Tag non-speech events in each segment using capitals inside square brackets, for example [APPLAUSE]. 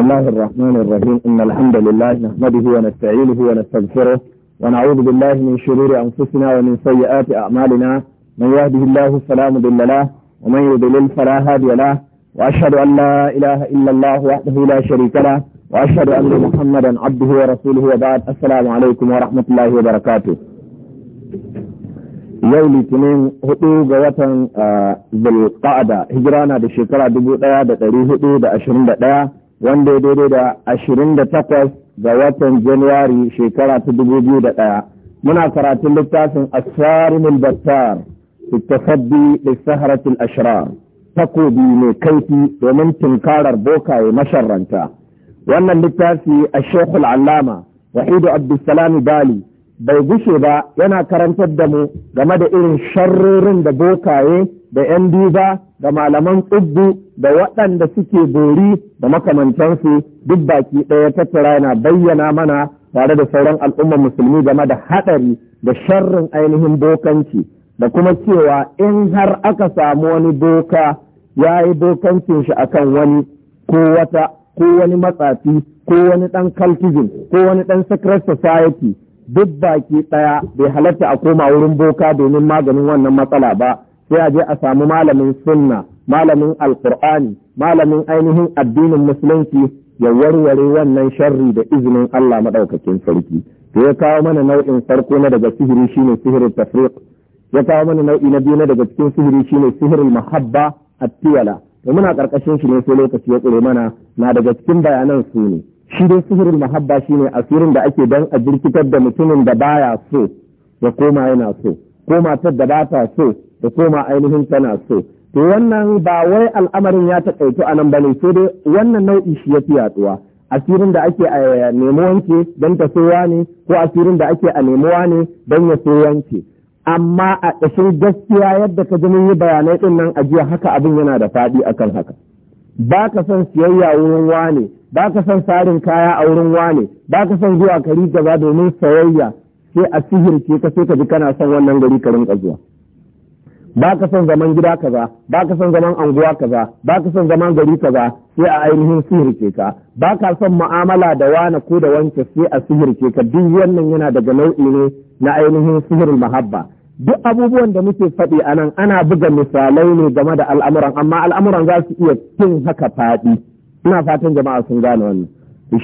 الله الرحمن الرحيم إن الحمد لله نحمده ونستعينه ونستغفره ونعوذ بالله من شرور أنفسنا ومن سيئات أعمالنا من يهده الله فلا مضل له ومن يضلل فلا هادي له وأشهد أن لا إله إلا الله وحده لا شريك له وأشهد أن محمدا عبده ورسوله وبعد السلام عليكم ورحمة الله وبركاته yau litinin hudu ga watan zulqa'ada ah, hijirana da shekara dubu daya da dari hudu da ashirin da daya wanda ya daidai da ashirin da takwas ga watan Januwari shekara ta dubu biyu da ɗaya. Muna karatun littafin Asarimul Albattar Ittafaddi da Saharatul Ashrar, takobi mai kaifi domin tunkarar bokaye masharranta. Wannan littafi a Shekul Allama, Wahidu Abdulsalami Bali, bai gushe ba yana karantar da mu game da irin sharrorin da bokaye da 'yan duba da malaman tsubbu da waɗanda suke bori da makamantansu duk baki ɗaya tattara yana bayyana mana tare da sauran al'ummar musulmi game da haɗari da sharrin ainihin bokanci da kuma cewa in har aka samu wani boka ya yi bokancin shi akan wani ko wata ko wani matsafi ko wani ɗan cultism ko wani ɗan secret society duk baki ɗaya bai halatta a koma wurin boka domin maganin wannan matsala ba sai a je a samu malamin sunna malamin alkur'ani malamin ainihin addinin musulunci ya warware wannan sharri da izinin Allah maɗaukacin sarki to ya kawo mana nau'in farko na daga sihiri shine sihirin tafriq ya kawo mana nau'i na biyu na daga cikin sihiri shine sihirin mahabba attiyala to muna karkashin shi ne sai lokaci ya tsire mana na daga cikin bayanan su ne shi dai sihirin mahabba shine asirin da ake dan a jirkitar da mutumin da baya so ya koma yana so ko matar da ba ta so da koma ainihin tana so to wannan ba wai al'amarin ya taƙaito a nan ba ne sai dai wannan nau'i shi ya fi yaduwa asirin da ake a nemo wanke don ta soya ne ko asirin da ake a nemowa ne don ya so wanke amma a ƙashin gaskiya yadda ka mun yi bayanai ɗin nan a jiya haka abin yana da faɗi akan haka ba ka son siyayya wurin wane ba ka son sarin kaya a wurin wane ba ka son zuwa kari gaba domin sayayya sai a sihirce ka sai ka ji kana son wannan gari ka rinka zuwa ba ka son zaman gida kaza ba ka son zaman anguwa kaza ba ka son zaman gari kaza sai a ainihin sihirce ka ba ka son mu'amala da wana ko da wanke sai a sihirce ka duk wannan yana daga nau'i ne na ainihin sihirin mahabba duk abubuwan da muke faɗi a nan ana buga misalai ne game da al'amuran amma al'amuran za su iya cin haka faɗi ina fatan jama'a sun gane wannan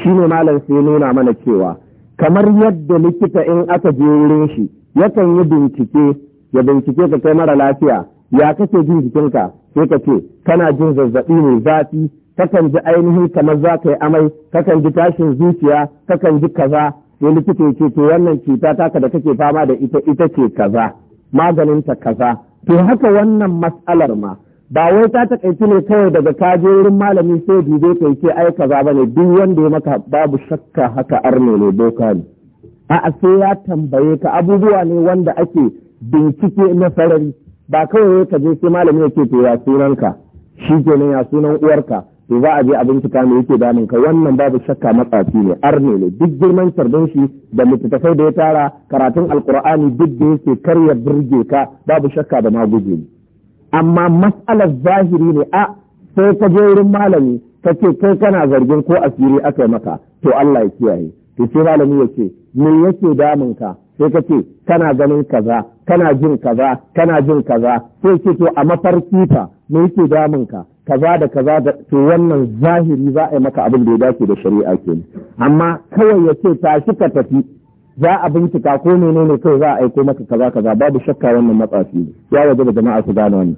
shi ne malam sai nuna mana cewa kamar yadda likita in aka je wurin shi yakan yi bincike ya bincike ka kai mara lafiya ya kake jin jikinka sai ka ce kana jin zazzaɓi mai zafi kakan ji ainihin kamar za ka yi amai kakan ji tashin zuciya kakan ji kaza sai likita ce to wannan cuta taka da kake fama da ita ita ce kaza maganin ta kaza to haka wannan mas'alar ma ba wai ta takaici ne kawai daga kaje wurin malami sai dube kai ce ai kaza bane duk wanda ya maka babu shakka haka arme ne boka ne a'a sai ya tambaye ka abubuwa ne wanda ake bincike na sarari ba kawai ka je sai malami ya ce to ya ka shi kenan ya sunan uwarka to za a je a bincika me yake damun ka wannan babu shakka matsafi ne arne ne duk girman sardin shi da littattafai da ya tara karatun alkur'ani duk da yake karya birge ka babu shakka da maguje ne amma matsalar zahiri ne a sai ka je wurin malami ka ce kai kana zargin ko asiri aka yi maka to Allah ya kiyaye to sai malami ya ce me yake damun ka sai ka ce kana ganin kaza kana jin kaza kana jin kaza sai ce to a mafarki fa me yake damun ka kaza da kaza da to wannan zahiri za a yi maka abin da ya dace da shari'a ke amma kawai ya ce tashi ka tafi za a bincika ko ne kai za a aiko maka kaza kaza babu shakka wannan matsafi ne ya waje da jama'a su gane wannan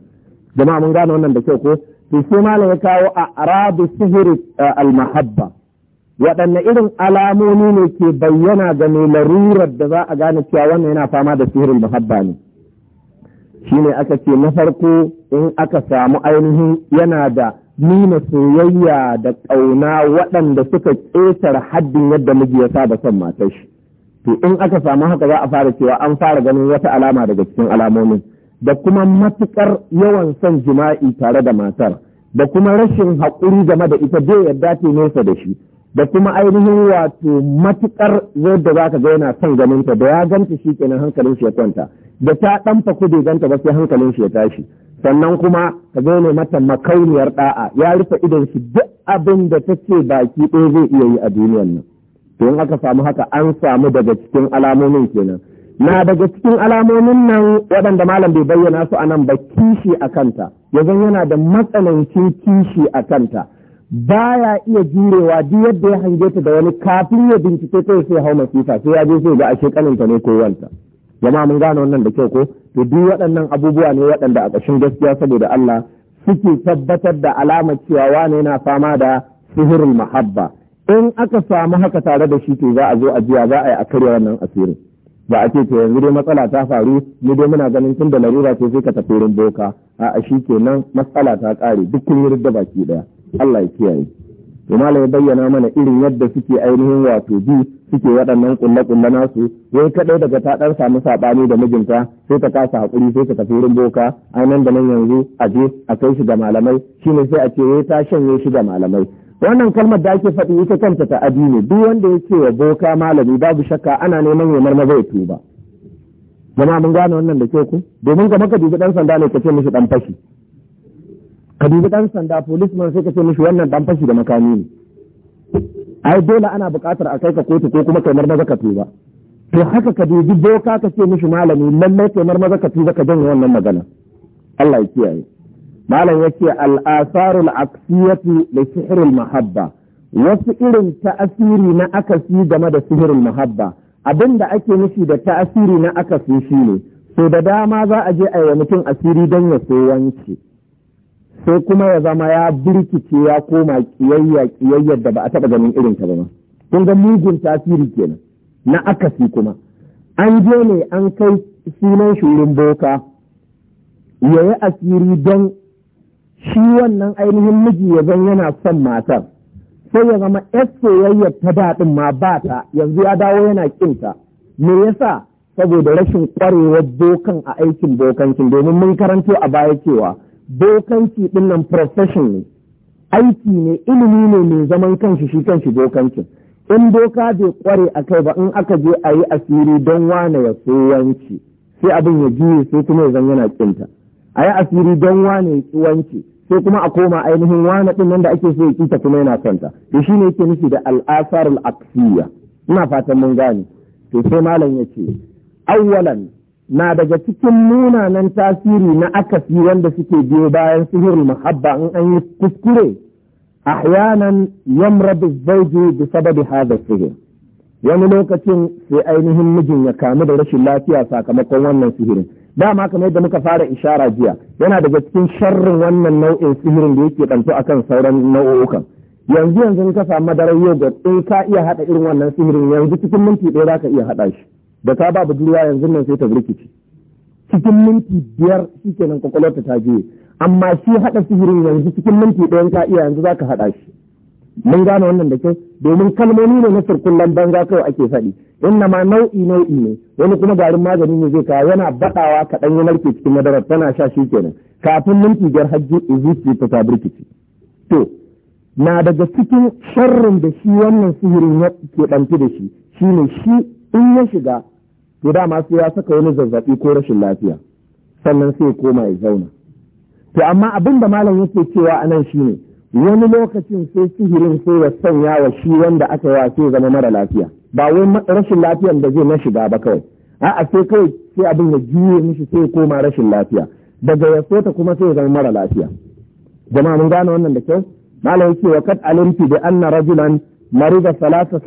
jama'a mun gane wannan da kyau ko to sai malam ya kawo a arabu sihiri al mahabba waɗanne irin alamomi ne ke bayyana ga mai larurar da za a gane cewa wannan yana fama da sihirin muhabba ne Shi ne aka ce na farko in aka samu ainihin yana da nuna soyayya da ƙauna waɗanda suka ƙetare haddin yadda miji ya saba son matar shi to in aka samu haka za a fara cewa an fara ganin wata alama daga cikin alamomin da kuma matuƙar yawan son jima'i tare da matar da kuma rashin haƙuri game da ita bai yadda dace nesa da shi da kuma ainihin wato matukar yadda za ka ga yana son ganinta da ya ganta shi kenan hankalin shi ya kwanta da ta ɗanfa faku ganta ba sai hankalin shi ya tashi sannan kuma ka zo ne mata makauniyar ɗa'a ya rufe idon shi duk abin da take baki ɗaya zai iya yi a duniyan nan to in aka samu haka an samu daga cikin alamomin kenan na daga cikin alamomin nan waɗanda malam bai bayyana su a nan ba kishi a kanta yanzu yana da matsanancin kishi a kanta Ba ya iya jurewa duk yadda ya hange ta da wani kafin ya bincike ta sai hau masifa sai ya je sai ga ashe kaninta ne ko wanta jama'a mun gane wannan da kyau ko to duk waɗannan abubuwa ne waɗanda a ƙashin gaskiya saboda Allah suke tabbatar da alamar cewa wane yana fama da sihirul mahabba in aka samu haka tare da shi to za a zo a jiya za a yi a karya wannan asirin ba a ce to yanzu dai matsala ta faru ni dai muna ganin tun da larura ce sai ka tafi rin boka a'a shi kenan matsala ta ƙare duk kun yi da baki ɗaya Allah ya kiyaye to malam ya bayyana mana irin yadda suke ainihin wato bi suke waɗannan kulle-kulle nasu wai kaɗai daga ta ɗan samu saɓani da mijinta sai ta kasa haƙuri sai ta tafi rin boka a nan da nan yanzu a je a kai shi ga malamai shine sai a ce wai ta shanye shi ga malamai wannan kalmar da ake faɗi ita kanta ta addini duk wanda ya ce wa boka malami babu shakka ana neman yamar na zai tuba jama'a mun gane wannan da kyau ku domin ga maka dubi ɗan sanda ne ka ce mishi ɗan fashi ka dubi dan sanda policeman sai ka ce mishi wannan dan fashi da makami ne ai dole ana buƙatar a kai ka kotu ko kuma kaimar marmaza ka ba to haka ka dubi doka ka ce mishi malami lallai kaimar marmaza ka tuba ka janye wannan magana Allah ya kiyaye malam yake al-asarul aksiyatu li sihril mahabba wasu irin ta'asiri na akasi game da sihirin mahabba abin da ake nufi da ta'asiri na akasi shine so da dama za a je a yi mutum asiri don ya so wanci sai kuma ya zama ya birkice ya koma kiyayya kiyayya da ba a taɓa ganin irin ta ba kun ga mugun tasiri kenan na akasi kuma an je ne an kai sunan shirin boka ya yi asiri don shi wannan ainihin miji ya zan yana son matar sai ya zama yar soyayyar ta daɗin ma ba ta yanzu ya dawo yana kinta me yasa saboda rashin ƙwarewar bokan a aikin bokancin domin mun karanto a baya cewa bokanci din nan profession ne aiki ne ilimi ne mai zaman kanshi shi kanshi bokancin in doka bai kware a kai ba in aka je a yi asiri don wane ya so sai abin ya juye sai kuma ya yana kinta a yi asiri don wane ya so sai kuma a koma ainihin wane din nan da ake so ya kinta kuma yana kanta to shine yake nufi da al'asar aksiya ina fatan mun gane to sai malam ya ce awwalan na daga cikin munanan tasiri na akasi wanda suke biyo bayan sihirul mahabba in an yi kuskure ahyanan yamradu zawji bi sababi hadha sihir wani lokacin sai ainihin mijin ya kamu da rashin lafiya sakamakon wannan sihirin dama kamar da muka fara ishara jiya yana daga cikin sharrin wannan nau'in sihirin da yake ɗanto akan sauran nau'o'ukan yanzu yanzu ka samu madarar yogurt in ka iya haɗa irin wannan sihirin yanzu cikin minti ɗaya za ka iya haɗa shi da ta ba budurwa yanzu nan sai ta rikice cikin minti biyar shi kenan kwakwalwarta ta je amma shi haɗa sihirin yanzu cikin minti ɗaya ka iya yanzu za ka haɗa shi mun gane wannan da kyau domin kalmomi ne na sirkullan banza kawai ake faɗi inna ma nau'i nau'i ne wani kuma garin magani ne zai kawo yana baɗawa kaɗan ya narke cikin madarar tana sha shi kenan kafin minti biyar hajji zuciya ta ta birkici to na daga cikin sharrin da shi wannan sihirin ya ke ɗanti da shi shi ne shi in ya shiga to dama sai ya saka wani zazzabi ko rashin lafiya sannan sai koma ya zauna to amma abin da malam yake cewa a nan shine wani lokacin sai sihirin sai ya sanya wa shi wanda aka yawa sai zama mara lafiya ba wai rashin lafiyan da zai na shiga ba kawai a'a sai kawai sai abin ya juye mishi sai ya koma rashin lafiya daga ya ta kuma sai ya zama mara lafiya jama'a mun gane wannan da kyau malam yake wa kad alimti bi anna rajulan مريض salasa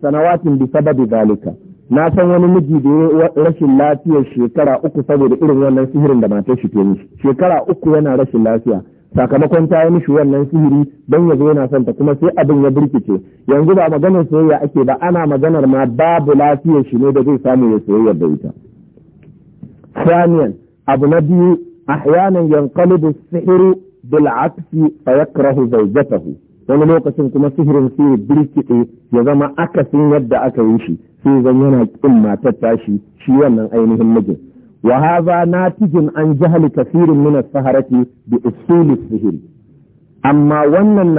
sanawatin bi sababi zalika na san wani miji da ya rashin lafiya shekara uku saboda irin wannan sihirin da matar shi ke mishi shekara uku yana rashin lafiya sakamakon ta yi mishi wannan sihiri don ya zo yana son ta kuma sai abin ya birkice yanzu ba maganar soyayya ake ba ana maganar ma babu lafiyar shi ne da zai samu ya soyayya da ita saniyan abu na biyu ahyanan yanqalibu sihiru bil aksi fa yakrahu zawjatahu wani lokacin kuma sihirin sai ya birkiɗe ya zama akasin yadda aka yi shi sai zan yana ƙin matar tashi shi wannan ainihin mijin wa na natijin an jahli kafirin min as-saharati bi usul sihiri amma wannan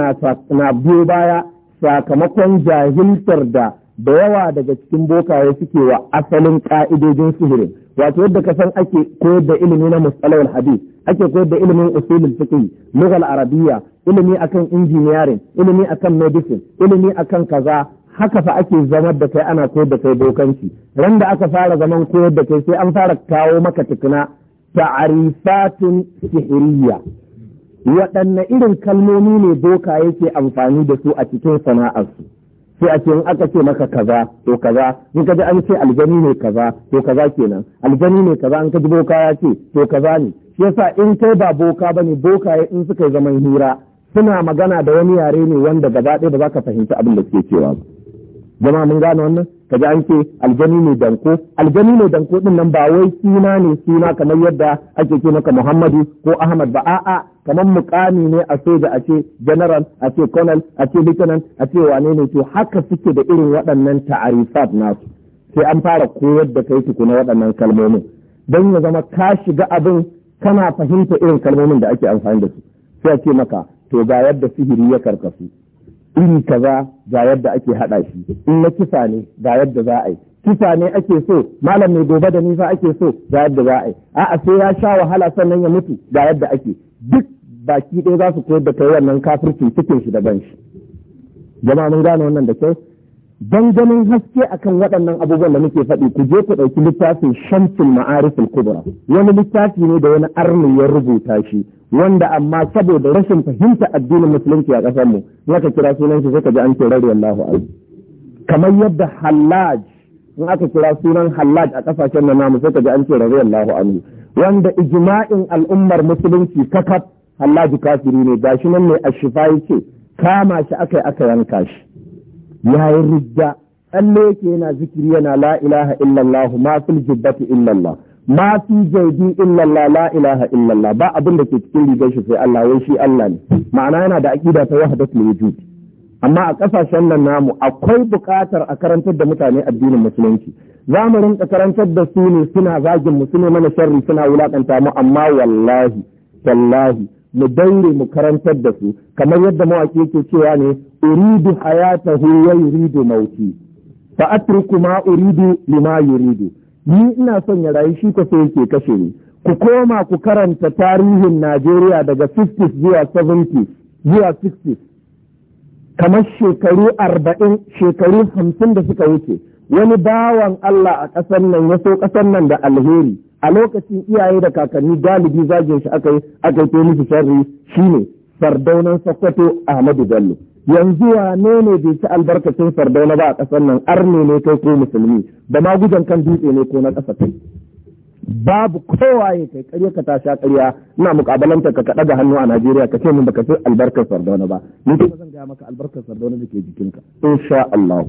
na biyo baya sakamakon jahiltar da da yawa daga cikin bokaye suke wa asalin ka'idojin sihirin wato yadda ka san ake koyar da ilimi na mustalahul hadith ake koyar da ilimin usulul fiqh lughal arabiyya ilimi akan engineering ilimi akan medicine ilimi akan kaza haka fa ake zamar da kai ana koyar da kai bokanci ran aka fara zaman koyar da kai sai an fara kawo maka tukuna ta'arifatun sihiriyya waɗanne irin kalmomi ne boka yake amfani da su a cikin sana'arsu sai a ce in aka ce maka kaza to kaza in ka ji an ce aljani ne kaza to kaza kenan aljani ne kaza an ka ji boka ya ce to kaza ne shi yasa in kai ba boka bane bokaye in suka yi zaman hira suna magana da wani yare ne wanda gaba ɗaya ba za ka fahimci abin da suke cewa ba jama'a mun gane wannan ka ji an ce aljani ne danko aljani ne danko din nan ba wai suna ne suna kamar yadda ake ce maka Muhammadu ko Ahmad ba a'a kamar mukami ne a soja a ce general a ce colonel a ce lieutenant a ce wane ne to haka suke da irin waɗannan ta'arifat nasu sai an fara koyar da kai tukuna waɗannan kalmomin don ya zama ka shiga abin kana fahimta irin kalmomin da ake amfani da su sai a ce maka to ga yadda sihiri ya karkasu in kaza ga yadda ake haɗa shi in na kisa ne ga yadda za a yi kisa ne ake so malam mai gobe da nisa ake so ga yadda za a yi a'a sai ya sha wahala sannan ya mutu ga yadda ake duk baki ɗaya za su koyar da kai wannan kafirci cikin shi da ban shi jama'a mun gane wannan da kyau dan ganin haske akan waɗannan abubuwan da muke faɗi ku je ku ɗauki littafin shamsul ma'arifin kubra wani littafi ne da wani arni ya rubuta shi wanda amma saboda rashin fahimta addinin musulunci a ƙasar mu ka kira sunan shi ka ji an ce radiyallahu anhu kamar yadda hallaj in aka kira sunan hallaj a ƙasashen nan namu ka ji an ce radiyallahu anhu wanda ijima'in al'ummar musulunci kakaf Allah ji kafiri ne ga shi nan ne a shifa yake kama shi aka aka yanka shi ya yi rigga tsalle yake yana zikiri yana la ilaha illallah ma fil jibbati illallah ma fi jaidi illallah la ilaha illallah ba abin da ke cikin rigar shi sai Allah wai shi Allah ne ma'ana yana da aqida ta wahdatul wujud amma a kasashen nan namu akwai buƙatar a karantar da mutane addinin musulunci za mu rinka karantar da su ne suna zagin mu suna mana sharri suna wulakanta mu amma wallahi wallahi mu daure mu karantar da su kamar yadda mawaƙi ke cewa ne uridu hu wa yuridu mauti fa atriku ma uridu lima yuridu ni ina son ya rayu shi ko sai yake kashe ni ku koma ku karanta tarihin Najeriya daga 50 zuwa 70 zuwa 60 kamar shekaru arba'in shekaru hamsin da suka wuce wani bawan Allah a ƙasar nan ya so ƙasar nan da alheri a lokacin iyaye da kakanni galibi zagin shi aka yi aka yi musu sharri shine sardaunan sokoto ahmadu bello yanzu wane ne bai ci albarkacin sardauna ba a ƙasar nan arne ne kai ko musulmi da ma gudan kan dutse ne ko na ƙasa kai babu kowa ya kai karya ka tasha karya ina mukabalanta ka ɗaga hannu a Najeriya ka ce min baka ci albarkar Sardauna ba ni ko zan gaya maka albarkar Sardauna da ke jikinka insha Allah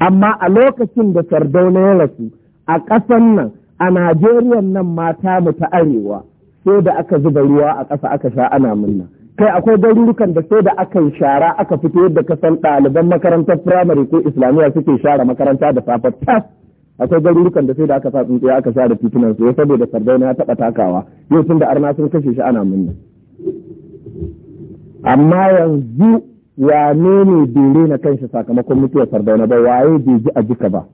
amma a lokacin da Sardauna ya rasu a ƙasar nan a Najeriya nan mata mu ta arewa sai da aka zuba ruwa a ƙasa aka sha ana munna kai akwai garurukan da sai da aka shara aka fito yadda ka san ɗaliban makarantar firamare ko islamiyya suke share makaranta da safe tas akwai garurukan da sai da aka sa tsuntsiya aka share titunan su saboda sardauna ya taɓa takawa yau tun da arna sun kashe shi ana munna amma yanzu wane ne bere na kanshi sakamakon mutuwar sardauna ba waye bai ji a jika ba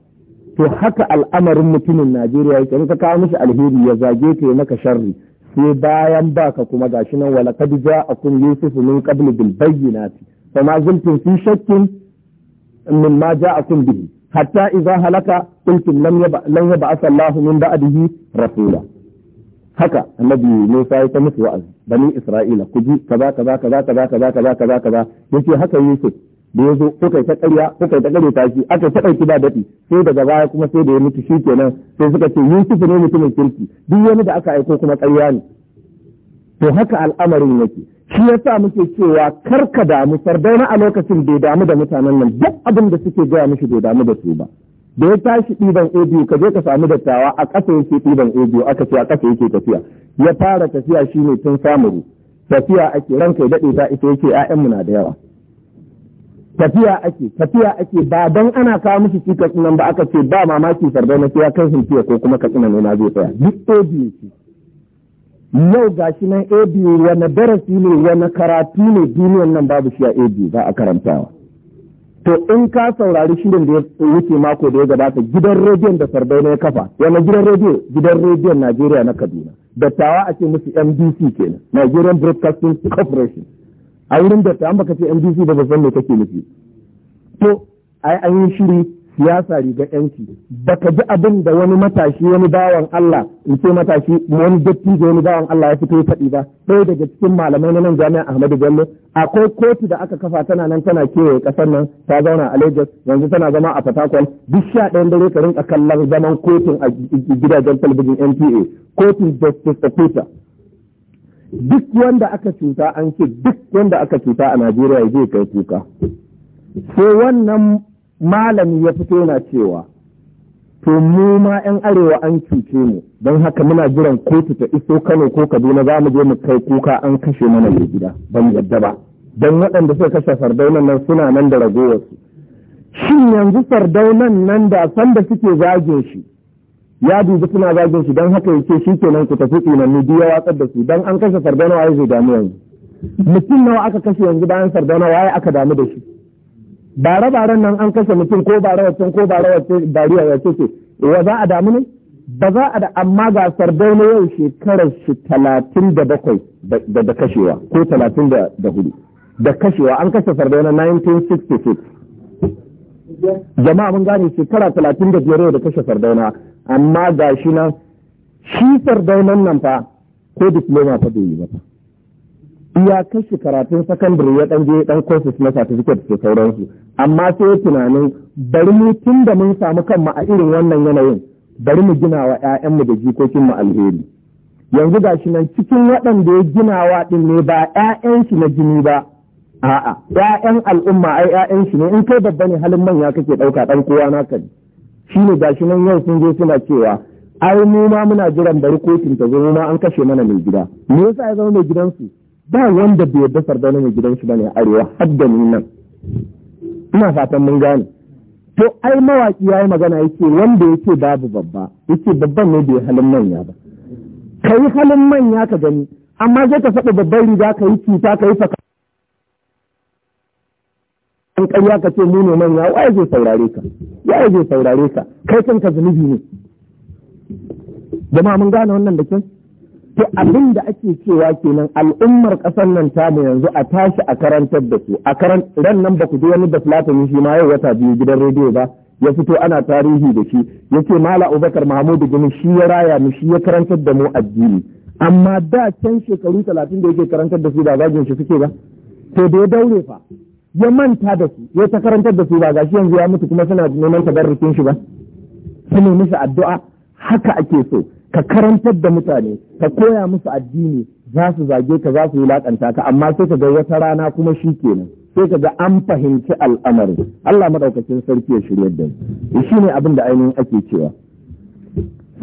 to haka al'amarin mutumin Najeriya yake in ka kawo mishi alheri ya zage ta ya maka sharri sai bayan baka kuma gashi nan wala kad ja'akum yusuf min qabl bil bayyinati fa ma zaltum fi shakkin min ma ja'akum bihi hatta idza halaka qultum lam yaba lam yab'ath Allah min ba'dihi rasula haka annabi Musa ya ta musu wa'azi bani Isra'ila ku ji kaza kaza kaza kaza kaza kaza kaza kaza yace haka Yusuf da ya zo kuka ta karya kuka ta karya ta shi aka ta ki ba daɗi sai daga baya kuma sai da ya mutu shi ke nan sai suka ce Yusuf ne mutumin kirki duk wani da aka aiko kuma karya ne to haka al'amarin yake shi yasa muke cewa kar ka damu na a lokacin bai damu da mutanen nan duk abin da suke gaya mishi bai damu da su ba da ya tashi ɗiban ebiyu ka je ka samu dattawa a ƙasa yake ɗiban ebiyu aka ce a ƙasa yake tafiya ya fara tafiya shi shine tun samuru tafiya ake ranka ya daɗe ta ita yake 'ya'yanmu na da yawa tafiya ake tafiya ake ba don ana kawo masu shi katsinan ba aka ce ba mamaki sarbai na ya kan hintiya ko kuma katsina ne na zai tsaya duk abu yau ga shi nan abu wani darasi ne wani karatu ne duniyan nan babu shi a abu za a karantawa to in ka saurari shirin da ya wuce mako da ya gabata gidan rediyon da sarbai na ya kafa wani gidan rediyo gidan rediyon najeriya na kaduna dattawa a ce musu mdc kenan nigerian broadcasting corporation a wurin da an baka ce MDC ba ba san me kake nufi to ai an yi shiri siyasa riga yanci baka ji abin da wani matashi wani bawan Allah in ce matashi wani dattijo wani bawan Allah ya fito ya faɗi ba ɗaya daga cikin malamai na nan jami'a Ahmadu Bello akwai kotu da aka kafa tana nan tana kewaye kasar nan ta zauna a Lagos yanzu tana zama a Fatakwal duk sha ɗayan dare ka rinka kallon zaman kotun a gidajen talabijin NTA kotun Justice Okuta duk wanda aka cuta an ce duk wanda aka cuta a Najeriya zai kai kuka sai wannan malami ya fito yana cewa to mu ma 'yan arewa an cuce mu don haka muna jiran kotu ta iso kano ko kaduna za mu je mu kai kuka an kashe mana mai gida ban yadda ba don waɗanda suka kashe sardaunan nan suna nan da ragowarsu shin yanzu sardaunan nan da sanda suke zagin shi ya dubi suna zagin shi don haka yake shi kenan ku tafi tsinanni biyu ya watsar da su don an kashe sardana waye zai damu yanzu mutum nawa aka kashe yanzu bayan sardana waye aka damu da shi bare baren nan an kashe mutum ko bare waccan ko bare waccan dariya ya ce wa eh, za a damu ne ba za a da amma ga sardana yau shekarar shi talatin da bakwai da kashewa ko talatin da hudu da kashewa an kashe sardana 1966 jama'a mun gane shekara talatin da biyar da kashe sardauna amma ga shi nan shi daunan nan fa ko diploma fa bai yi ba iya kashi karatun sakandare ya dan je dan courses na certificate da sauransu amma sai tunanin bari mu tun da mun samu kanmu a irin wannan yanayin bari mu gina wa ƴaƴanmu da jikokin mu alheri yanzu ga shi nan cikin waɗanda ya ginawa din ne ba ƴaƴan shi na jini ba a'a 'ya'yan al'umma ai 'ya'yan shi ne in kai babba ne halin manya kake ɗauka ɗan kowa na ne shi ne gashi nan yau sun je suna cewa ai mu ma muna jiran bari kotun ta zo mu ma an kashe mana mai gida me yasa ya zama mai gidansu ba wanda bai yarda na mai gidansu bane arewa har da ni nan ina fatan mun gane to ai mawaki yayi magana yake wanda yake babu babba yake babban ne bai halin manya ba kai halin manya ka gani amma zai ka faɗa babban riga ka yi cuta ka yi faka in ƙarya ka ce mu ne manya waye zai saurare ka waye zai saurare ka kai ka zunubi ne jama'a mun gane wannan da kyau to abin da ake cewa kenan al'ummar kasar nan ta mu yanzu a tashi a karantar da su a karan ran nan ba ku ji wani da fulatani shi ma yau wata biyu gidan rediyo ba ya fito ana tarihi da shi yace mala abubakar mahmudu gini shi ya raya mu shi ya karantar da mu addini amma da can shekaru talatin da yake karantar da su da zagin shi suke ba to da ya daure fa ya manta da su ya ta karantar da su ba gashi yanzu ya mutu kuma suna neman tabarrukin shi ba su ne musu addu'a haka ake so ka karantar da mutane ka koya musu addini za su zage ka za su yi lakanta ka amma sai ka ga wata rana kuma shi kenan sai ka ga an fahimci al'amari Allah madaukakin sarki ya shirya da shi ne abin da ainihin ake cewa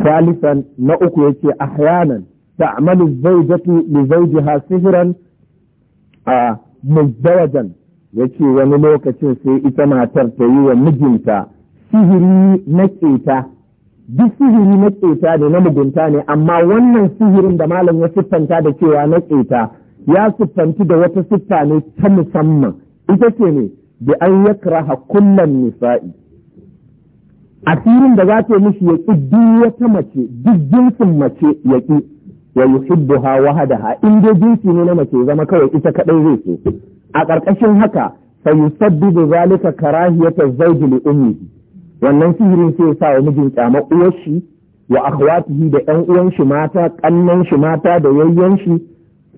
salisan na uku ya yace ahyanan ta'malu zawjatu li zawjiha sihran a muzdawajan yake wani lokacin sai ita matar ta yi wa mijinta sihiri na keta duk sihiri na keta ne na mugunta ne amma wannan sihirin da malam ya siffanta da cewa na keta ya siffanci da wata siffa ne ta musamman ita ce ne da an yakraha kullum nisa'i asirin da za ta mishi ya ƙi duk wata mace duk jinsin mace ya ƙi wa yuhibbuha wahadaha in dai jinsi ne na mace zama kawai ita kaɗai zai so a ƙarƙashin haka fa yusabbibu zalika karahiyata zawji li ummihi wannan sihirin sai sa wa mijin kyama uwar shi wa akhwatihi da ƴan uwan shi mata ƙannan shi mata da yayyan shi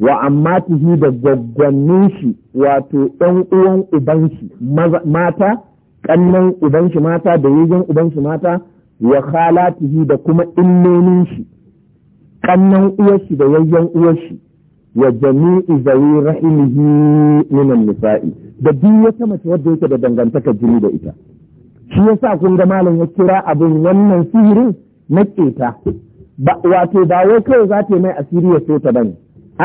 wa ammatihi da gwaggwannin shi wato ƴan uwan uban shi mata ƙannan uban shi mata da yayyan uban shi mata wa khalatihi da kuma illolin shi ƙannan uwar shi da yayyan uwar shi wa jami'i zawi min minan nisa'i da duk wata mace wadda yake da dangantaka jini da ita shi yasa kun ga malam ya kira abin wannan sihirin na keta wato ba wai kai za ta mai asiri ya so ta bane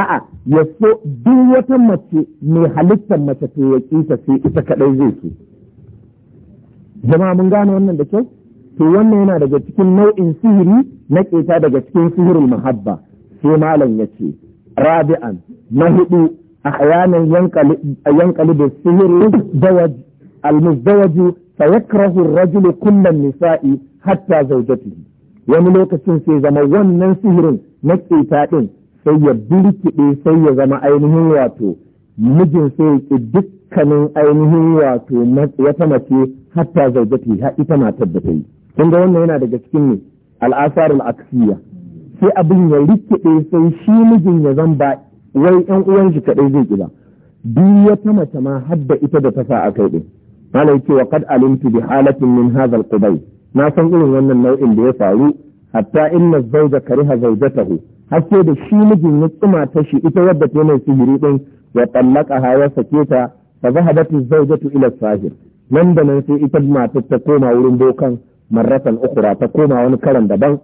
a'a ya so duk wata mace mai halittar mace to ya kita sai ita kadai zai so jama'a mun gane wannan da kyau to wannan yana daga cikin nau'in sihiri na keta daga cikin sihirin mahabba sai malam ya ce rabi'an na hudu أحيانا ينقلب ينقلب السهر زوج المزدوج فيكره الرجل كل النساء حتى زوجته wani lokacin sai zama wannan sihirin na ƙeta ɗin sai ya birkiɗe sai ya zama ainihin wato mijin sai dukkanin ainihin wato wata mace hatta zaujati ha ita matar da ta yi. wannan yana daga cikin ne al'asarul aksiya. sai abin ya rikide sai shi mijin ya zan ba wai yan uwan shi kadai zai ki ba duk wata mace ma hadda ita da ta sa a kai ɗin Malam ce wa qad alimtu bi halatin min hadha al na san irin wannan nau'in da ya faru hatta inna zawja kariha zawjatahu har sai da shi mijin ya tsuma ta shi ita wadda ta mai sihiri ɗin ya tallaqaha ya sake ta fa zahabat az-zawjatu ila sahir nan da nan sai ita matar ta koma wurin bokan marratan ukhra ta koma wani karan daban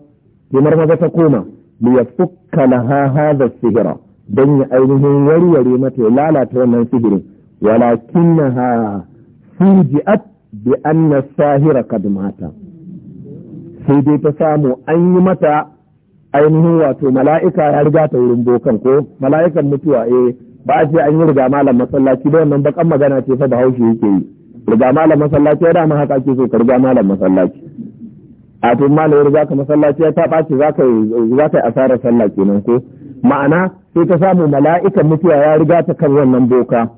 kimar maza ta koma li yafukka laha hadha sihra dan ya ainihin warware mata ya lalata wannan sihirin walakinnaha fujiat bi anna sahira kad mata sai dai ta samu an yi mata ainihin wato mala'ika ya riga ta wurin bokan ko mala'ikan mutuwa eh ba a ce an yi riga malam masallaci da wannan bakan magana ce fa haushi yake yi riga malam masallaci ya ma haka ake so ka riga malam masallaci a ma malayar za ka masallaci ya taɓa ce za ka yi asarar sallah kenan ko ma'ana sai ta samu mala'ikan mutuwa ya riga ta kan wannan boka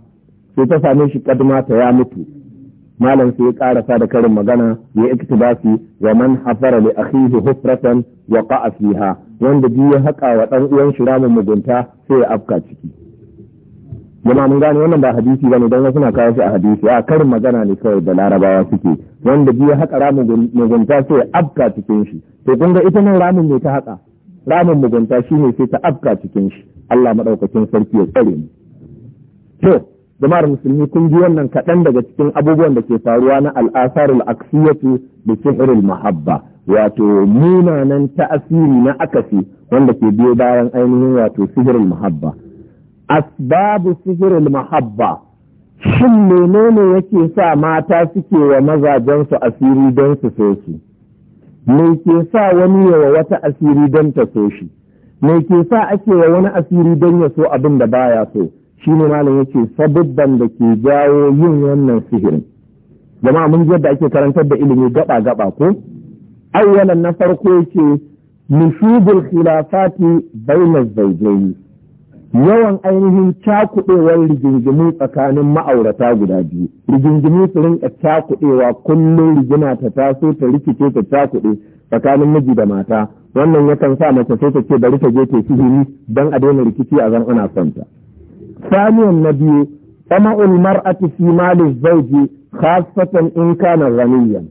sai ta same shi kadma ta ya mutu malam sai ya karasa da karin magana ya iktibasi wa man hafara li akhihi hufratan wa qa'a fiha wanda duk ya haƙa wa dan uwan shi ramin mugunta sai ya afka ciki jama'a mun gane wannan ba hadisi bane dan wasu na kawo shi a hadisi a karin magana ne kawai da larabawa suke wanda biyu haka ramin mugunta sai ya abka cikin shi to kun ga ita nan ramin ne ta haka ramin mugunta shine sai ta afka cikin shi Allah madaukakin sarki ya tsare mu to jama'ar musulmi kun ji wannan kaɗan daga cikin abubuwan da ke faruwa na al'asarul aksiyatu da sihirul mahabba wato munanan ta'asiri na akasi wanda ke biyo bayan ainihin wato sihirul mahabba asbabu sihiril mahabba shin menene yake sa mata suke wa mazajensu asiri don su so shi me ke sa wani yawa wata asiri don ta so shi me ke sa ake wa wani asiri don ya so abin da baya so Shi ne malam yake sabubban da ke jawo yin wannan sihirin jama'a mun yadda ake karantar da ilimi gaba gaba ko Ayyana na farko yake nufudul khilafati bainaz zawjayn yawan ainihin cakuɗewar rigingimu tsakanin ma'aurata guda biyu rigingimu su rinka cakuɗewa kullum rigina ta taso ta rikice ta cakuɗe tsakanin miji da mata wannan yakan sa mace sai ta ce bari ta je ta sihiri don a daina rikici a zan ana son ta saniyan na biyu sama'ul mar'ati fi mali zauji khassatan in kana ghaniyan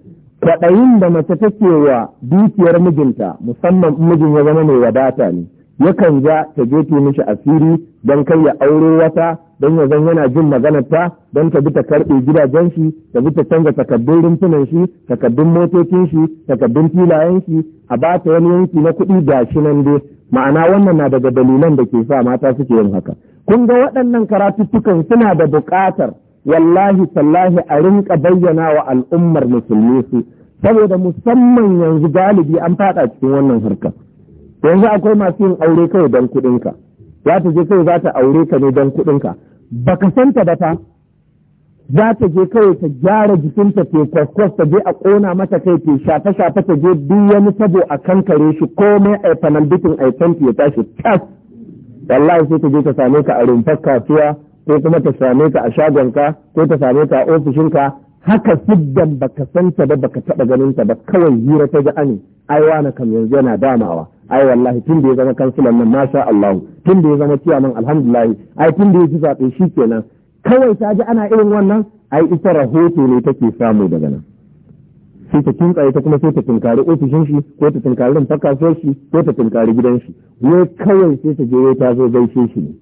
kwaɗayin da mace take wa dukiyar mijinta musamman mijin ya zama mai wadata ne yakan ja ta je mishi asiri don kai ya auro wata don ya zan yana jin maganar ta don ta bi ta karɓe gidajen shi ta bi ta canza takaddun rumfunan shi takaddun motocin shi takaddun filayen shi a ba ta wani yanki na kuɗi da shi nan dai ma'ana wannan na daga dalilan da ke sa mata suke yin haka kun ga waɗannan karatuttukan suna da buƙatar wallahi sallahi a rinka bayyana wa al'ummar musulmi su saboda musamman yanzu galibi an faɗa cikin wannan harkar yanzu akwai masu yin aure kai don kuɗinka za ta je kai za ta aure ka ne don kuɗinka ba ka santa ba ta za ta je kai ta gyara jikinta ta kwaskwas ta je a ƙona mata kai ta shafe shafe ta je duk wani sabo a kankare shi komai a bikin a ya tashi tas wallahi sai ta je ta same ka a rumfar kasuwa ko kuma ta same ka a shagonka ko ta same ka a ofishinka haka siddan baka santa ba baka taɓa ganin ta ba kawai hira ta ga ani ai wani kam yanzu yana damawa ai wallahi tun da ya zama kansilan nan masha Allah tun da ya zama ciyaman alhamdulillah ai tun da ya ji zaɓe shi kenan kawai ta ji ana irin wannan ai ita rahoto ne take samu daga nan sai ta tunkare ta kuma sai ta tunkari ofishin shi ko ta tunkari rumfar kasuwar shi ko ta tunkari gidan shi wai kawai sai ta je ta zo gaishe shi ne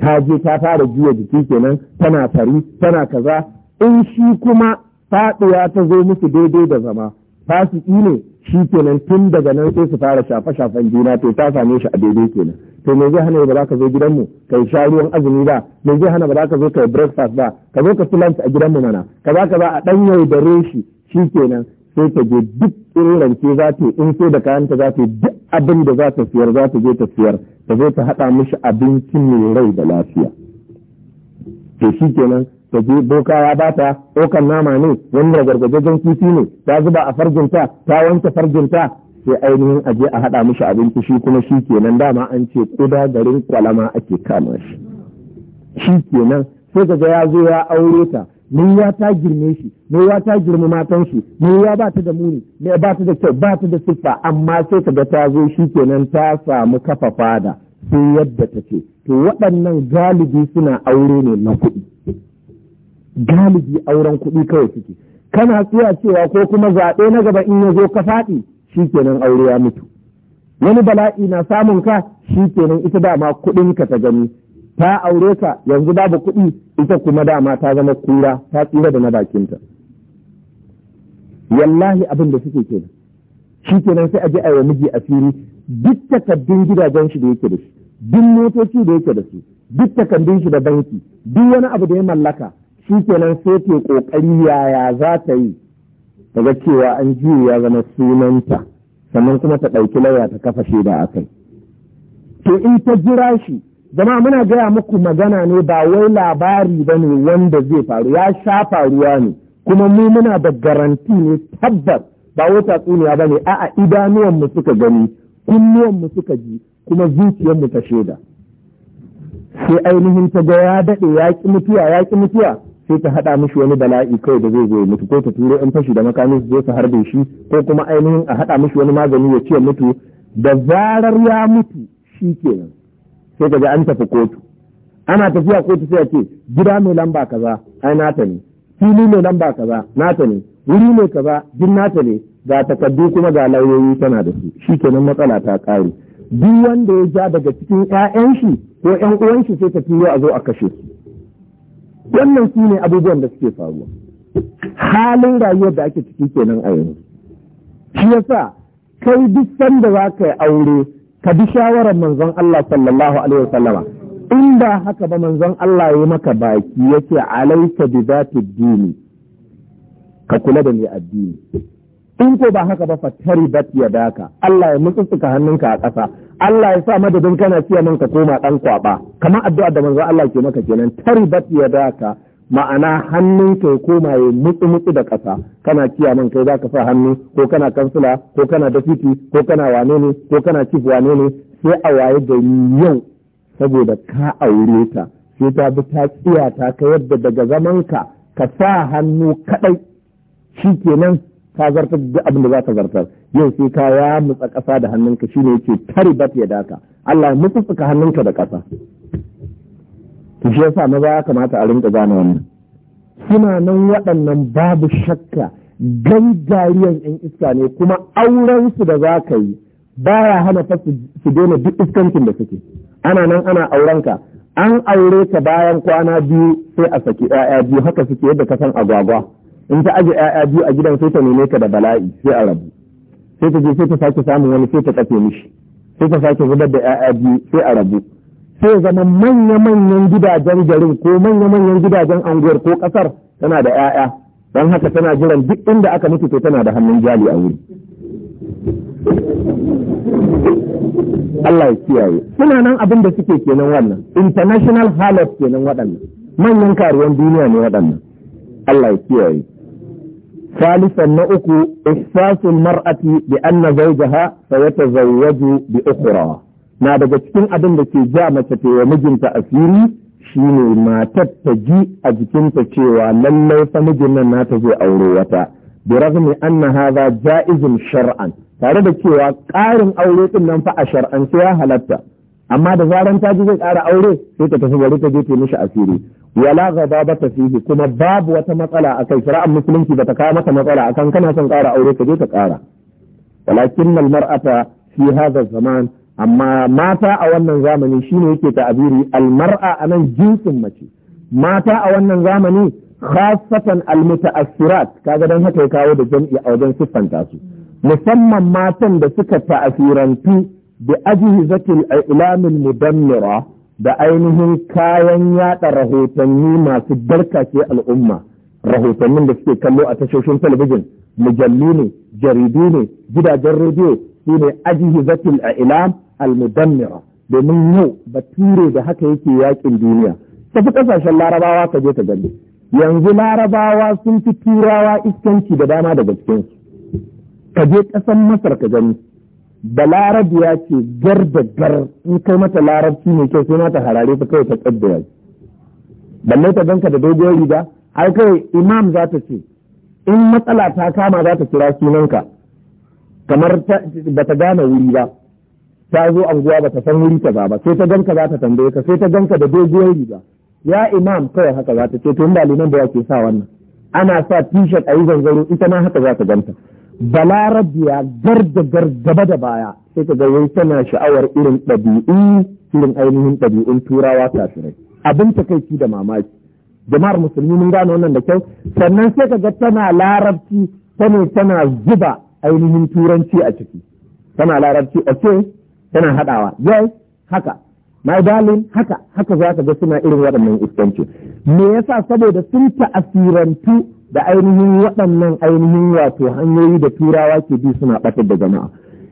ta je ta fara juya jiki kenan tana fari tana kaza in shi kuma faɗuwa ta zo musu daidai da zama fasiki ne shi kenan tun daga nan sai su fara shafe-shafen juna to ta same shi a daidai kenan to me zai hana ba za ka zo gidanmu kai sha ruwan azumi ba me zai hana ba za ka zo kai breakfast ba ka zo ka fi a gidan mu mana ka za ka ba a dan yaudare shi shi kenan sai ta je duk irin rance za ta in so da kayan ta za ta duk abin da za ta siyar za ta je ta siyar ta zo ta haɗa mishi abinci mai rai da lafiya to shi kenan ta je boka ya bata ɗaukan nama ne wanda da gargajajen kifi ne ta zuba a farjinta ta wanke farjinta sai ainihin aje a haɗa mishi abinci shi kuma shi kenan dama an ce kuda garin kwalama ake kama shi shi kenan sai ga ya zo ya aure ta ya ta girme shi ya ta girme matansu ya ba ta da muni ne ba ta da kyau ba ta da siffa amma sai kaga ta zo shi kenan ta samu kafa fada sai yadda ta ce to waɗannan galibi suna aure ne na kuɗi galibi auren kuɗi kawai suke kana tsaya cewa ko kuma zaɓe na gaba in ya zo ka faɗi shikenan aure ya mutu wani bala'i na samun ka shikenan ita dama kuɗin ka ta gani ta aure ka yanzu babu kuɗi ita kuma dama ta zama kura ta tsira da na bakinta wallahi abin da suke kenan shikenan sai a je a yi miji asiri duk takaddun gidajen shi da yake da shi duk motoci da yake da su duk takardun shi da banki duk wani abu da ya mallaka shi kenan sai ke ƙoƙari yaya za ta yi daga cewa an jiyo ya zama sunanta sannan kuma ta ɗauki lauya ta kafa shaida a kai to in ta jira shi zama muna gaya muku magana ne ba wai labari ba ne wanda zai faru ya sha faruwa ne kuma mu muna da garanti ne tabbas ba wata tatsuniya ba ne a'a idanuwanmu suka gani kunnuwanmu suka ji kuma zuciyarmu ta shaida sai ainihin ta ga ya daɗe ya ƙi mutuwa ya ƙi mutuwa sai ta haɗa mishi wani bala'i kai da zai zo ya mutu ko ta turo in fashi da makamin su zo su harbe shi ko kuma ainihin a haɗa mishi wani magani ya ce mutu da zarar ya mutu shi kenan sai ka ga an tafi kotu ana tafiya kotu sai a ce gida mai lamba kaza ai nata ne fili mai lamba kaza nata ne wuri mai kaza duk nata ne ga takaddu kuma ga lauyoyi tana da su shi kenan matsala ta ƙare duk wanda ya ja daga cikin 'ya'yan shi ko 'yan uwan shi sai ta turo a zo a kashe su wannan su ne abubuwan da suke faruwa halin rayuwar da ake ciki kenan a yanzu shi yasa kai duk sanda za ka yi aure ka bi shawarar manzon Allah sallallahu alaihi wasallama in ba haka ba manzon Allah ya maka baki yake alaika bi zati ka kula da mai addini in ko ba haka ba fattari bat ya daka Allah ya mutsutsuka hannunka a ƙasa Allah ya sa madadin kana ciya man ka koma ɗan kwaba kamar addu'a da manzo Allah ke maka kenan tari bat ya daka ma'ana hannunka ya koma ya mutsu mutsu da ƙasa kana ciya nan kai za ka sa hannu ko kana kansila ko kana dafiti ko kana wane ne ko kana cif wane ne sai a waye da yau saboda ka aure ta sai ta bi ta tsiya ta ka yadda daga zaman ka ka sa hannu kaɗai shikenan ka zartar da abin da za ka zartar yau sai ka ya mutsa ƙasa da hannunka shine yake bat ya daka Allah ya suka hannunka da ƙasa to shi yasa maza ya kamata a rinka gane wannan suna nan waɗannan babu shakka gangariyan yan iska ne kuma auren su da za ka yi baya hana fa su dena duk iskancin da suke ana nan ana auren ka an aure ka bayan kwana biyu sai a saki ɗaya biyu haka suke yadda ka san agwagwa in ta aje ƴaƴa biyu a gidan sai ta neme ka da bala'i sai a rabu sai ta je sai ta sake samun wani sai ta kafe mishi sai ta sake zubar da ƴaƴa biyu sai a rabu sai zama manya-manyan gidajen garin ko manya-manyan gidajen anguwar ko kasar tana da ƴaƴa don haka tana jiran duk inda aka mutu to tana da hannun jali a wuri Allah ya kiyaye suna nan abin da suke kenan wannan international harlot kenan waɗannan manyan karuwan duniya ne waɗannan Allah ya kiyaye na uku, ثالثا نؤكو إحساس المرأة بأن زوجها uku rawa, na daga cikin abin da ke ja mace ta yi wa mijinta asiri shine matar ta ji a jikinta cewa lallai fa mijin nan nata zai aure wata bi ragmi anna hadha jaizun shar'an tare da cewa ƙarin aure din nan fa a shar'an ya halatta amma da zaran ta ji zai ƙara aure sai ta tafi bari ta je ta mishi asiri wala ta fihi kuma babu wata matsala akai shari'ar musulunci bata kawo mata matsala akan kana son ƙara aure ka je ka ƙara walakin mar'ata fi hadha zaman amma mata a wannan zamani shine yake al almar'a anan jinsin mace mata a wannan zamani khasatan almuta'assirat kaga dan haka ya kawo da jam'i a wajen siffanta su musamman matan da suka ta'asirantu bi ajhizatil ilamil mudammira da ainihin kayan yada rahotanni masu barkace al'umma rahotannin da suke kallo a tashoshin talabijin mujallu ne jaridu ne gidajen rediyo su ne ajihizatul ilam al-mudammira domin yau bature da haka yake yakin duniya tafi kasashen larabawa ka je ka gani yanzu larabawa sun fi turawa iskanci da dama daga cikinsu ka je ƙasar masar ka gani ya ce gar da gar in kai mata larabci mai kyau sai mata harare ta kai ta tsaddaya balle ta ganka da dogon riga Har kai imam za ta ce in matsala ta kama za ta kira sunanka kamar ba ta gane wuri ba ta zo anguwa ba ta san wuri ta ba sai ta ganka za ta tambaye ka sai ta ganka da dogon riga ya imam kawai haka za ta ce to in ba liman da ke sa wannan ana sa t-shirt a yi zanzaro ita ma haka za ta ganta balarabiya gardagar gaba da baya sai ka yai tana sha'awar irin ɗabi'u irin ainihin ɗabi'un turawa kafirai abin ta takaici da mamaki jama'ar musulmi mun gano nan da kyau sannan sai ka ga tana larabci tana tana zuba ainihin turanci a ciki tana larabci ok tana haɗawa Yau, haka my darling haka haka za ka ga suna irin waɗannan iskanci. me yasa saboda sun ta'asirantu da ainihin waɗannan ainihin wato hanyoyi da turawa ke bi suna ɓatar da jama'a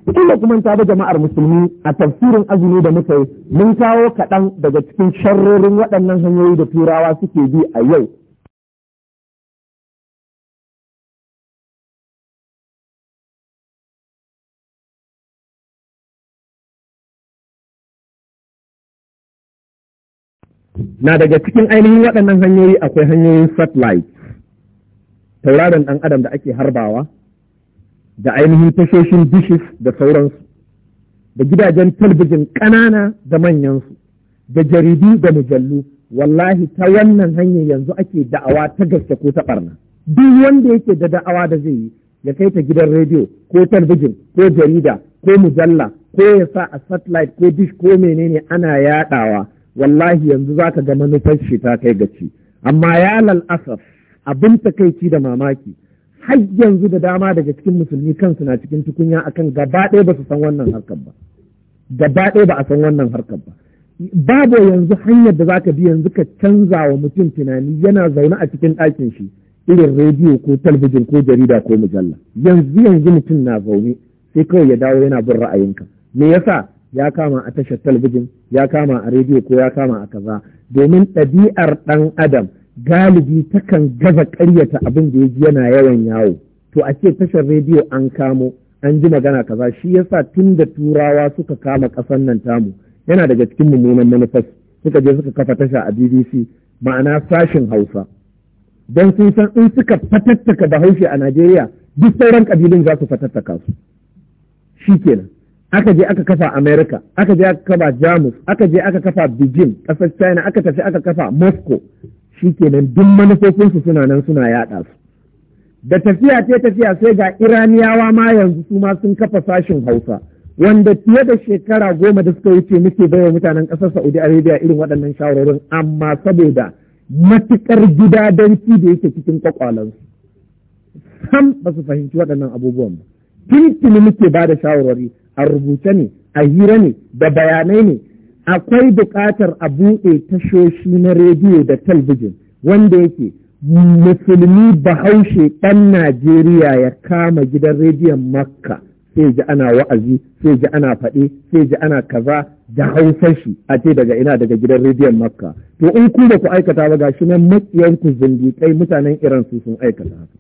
Ikin da kuma ta jama'ar musulmi a tafsirin azumi da muka yi mun kawo kaɗan daga cikin sharrorin waɗannan hanyoyi da turawa suke bi a yau na daga cikin ainihin waɗannan hanyoyi akwai hanyoyin satellite tauraron ɗan adam da ake harbawa da ainihin tashoshin bishif da sauransu da gidajen talbijin ƙanana da manyansu da jaridu da mujallu wallahi ta wannan hanyar yanzu ake da'awa ta gaske ko ta ɓarna duk wanda yake da da'awa da zai yi ya kai ta gidan rediyo ko talbijin ko jarida ko mujalla ko ya sa a satellite ko dish ko menene ana yaɗawa wallahi yanzu za ka ga manufar shi ta kai gaci amma ya asas. abin takaici da mamaki har yanzu da dama daga cikin musulmi kansu na cikin tukunya akan gaba ɗaya ba su san wannan harkar ba gaba ɗaya ba a san wannan harkar ba babu yanzu hanyar da za ka bi yanzu ka canza wa mutum tunani yana zaune a cikin ɗakin shi irin rediyo ko talbijin ko jarida ko mujalla yanzu yanzu mutum na zaune sai kawai ya dawo yana bin ra'ayinka me yasa ya kama a tashar talbijin ya kama a rediyo ko ya kama a kaza domin ɗabi'ar ɗan adam galibi takan gaza ƙaryata abin da ya ji yana yawan yawo to a ce tashar rediyo an kamo an ji magana kaza shi yasa tun da turawa suka kama ƙasan nan tamu yana daga cikin mummunan manufas suka je suka kafa tasha a bbc ma'ana sashin hausa don sun san in suka fatattaka bahaushe a najeriya duk sauran ƙabilun za su fatattaka su shi kenan aka je aka kafa Amerika, aka je aka kafa Jamus, aka je aka kafa Beijing, ƙasar China, aka tafi aka kafa Moscow, shi shikenan duk manufofinsu suna nan suna yaɗa su da tafiya ce tafiya sai ga iraniyawa ma yanzu su ma sun kafa sashin hausa wanda fiye da shekara goma da suka wuce muke baiwa mutanen ƙasar saudi arabia irin waɗannan shawarwarin, amma saboda matuƙar gidadanci da yake cikin kwakwalansu sam ba su fahimci waɗannan abubuwan ba tun muke ba da shawarwari a rubuce ne a hira ne da bayanai ne akwai buƙatar a buɗe tashoshi na rediyo da talbijin wanda yake musulmi bahaushe ɗan najeriya ya kama gidan rediyon makka sai ji ana wa'azi sai ji ana faɗi sai ji ana kaza da hausar shi a ce daga ina daga gidan rediyon makka to in ku da ku aikata ba gashi nan makiyanku zindiƙai mutanen iran su sun aikata haka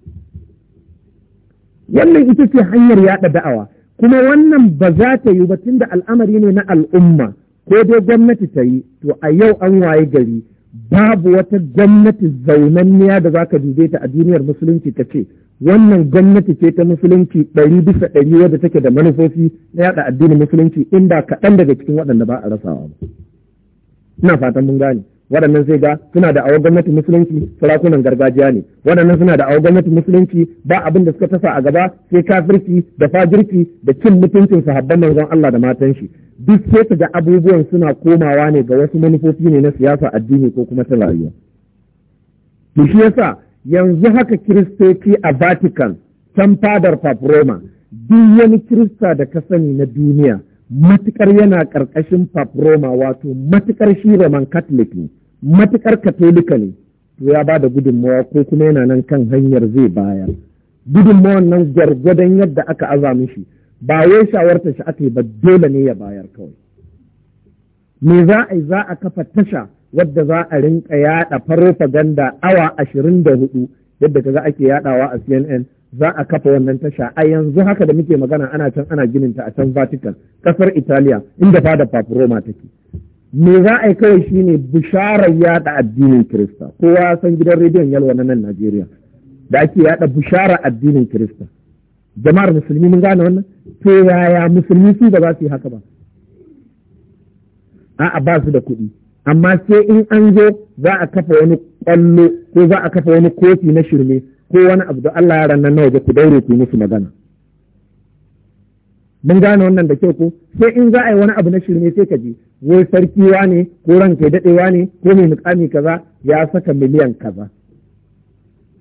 wannan ita ce hanyar yaɗa da'awa kuma wannan ba za ta yi ba tunda al'amari ne na al'umma ko dai gwamnati ta yi to a yau an waye gari babu wata gwamnati zaunanniya da za ka dube ta a duniyar musulunci ta ce wannan gwamnati ce ta musulunci ɗari bisa ɗari wadda take da manufofi na yaɗa addinin musulunci inda kaɗan daga cikin waɗanda ba a rasawa ba. Ina fatan mun gane. waɗannan sai ga suna da awo gwamnatin musulunci sarakunan gargajiya ne waɗannan suna da awo gwamnatin musulunci ba abin da suka tasa a gaba sai kafirki da fajirci da cin mutuncin sahabban manzon Allah da matan shi duk sai ka ga abubuwan suna komawa ne ga wasu manufofi ne na siyasa addini ko kuma ta rayuwa to shi yasa yanzu haka kiristoci a Vatican can fadar Paproma duk wani kirista da ka sani na duniya matukar yana ƙarƙashin Paproma wato matukar shi Roman Catholic ne matukar Katolika ne to ya ba da gudunmawa ko kuma yana nan kan hanyar zai bayar gudunmawan nan gwargwadon yadda aka aza shi ba wai shawarta shi aka yi ba dole ne ya bayar kawai me za a yi za a kafa tasha wadda za a rinka yaɗa farofaganda awa ashirin da hudu yadda kaga ake yaɗawa a CNN za a kafa wannan tasha a yanzu haka da muke magana ana can ana ginin ta a can Vatican kasar Italiya inda fada Paparoma take me za a yi kawai shine bisharar yaɗa addinin Kirista kowa san gidan rediyon Yalwa na nan Najeriya da ake yaɗa bisharar addinin Kirista jama'ar musulmi mun gane wannan to yaya musulmi su ba za su yi haka ba a'a ba su da kuɗi amma sai in an zo za a kafa wani kwallo ko za a kafa wani kofi na shirme ko wani abu da Allah ya ranna na waje ku daure ku musu magana mun gane wannan da kyau ko sai in za a yi wani abu na shirme sai ka je wai sarki ne ko ranka daɗewa ne ko mai mukami kaza ya saka miliyan kaza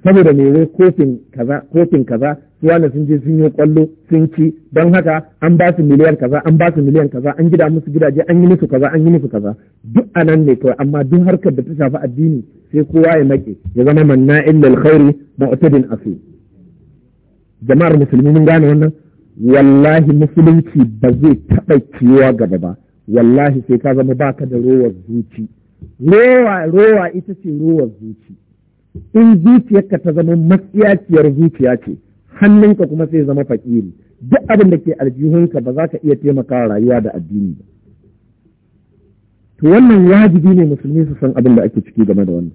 saboda me wai kofin kaza kofin kaza wanda sun je sun yi kwallo sun ci don haka an ba su miliyan kaza an ba su miliyan kaza an gida musu gidaje an yi musu kaza an yi musu kaza duk anan ne kawai amma duk harkar da ta shafi addini sai kowa ya make ya zama manna illa alkhairi mu'tadin asu jama'ar musulmi mun gane wannan wallahi musulunci ba zai taɓa ciwa gaba ba wallahi sai ka zama baka da rowar zuci rowa rowa ita ce rowar zuci in zuciyarka ta zama matsiyaciyar zuciya ce hannunka kuma sai zama fakiri duk abin da ke aljihunka ba za ka iya taimaka rayuwa da addini ba to wannan wajibi ne musulmi su san abin da ake ciki game da wannan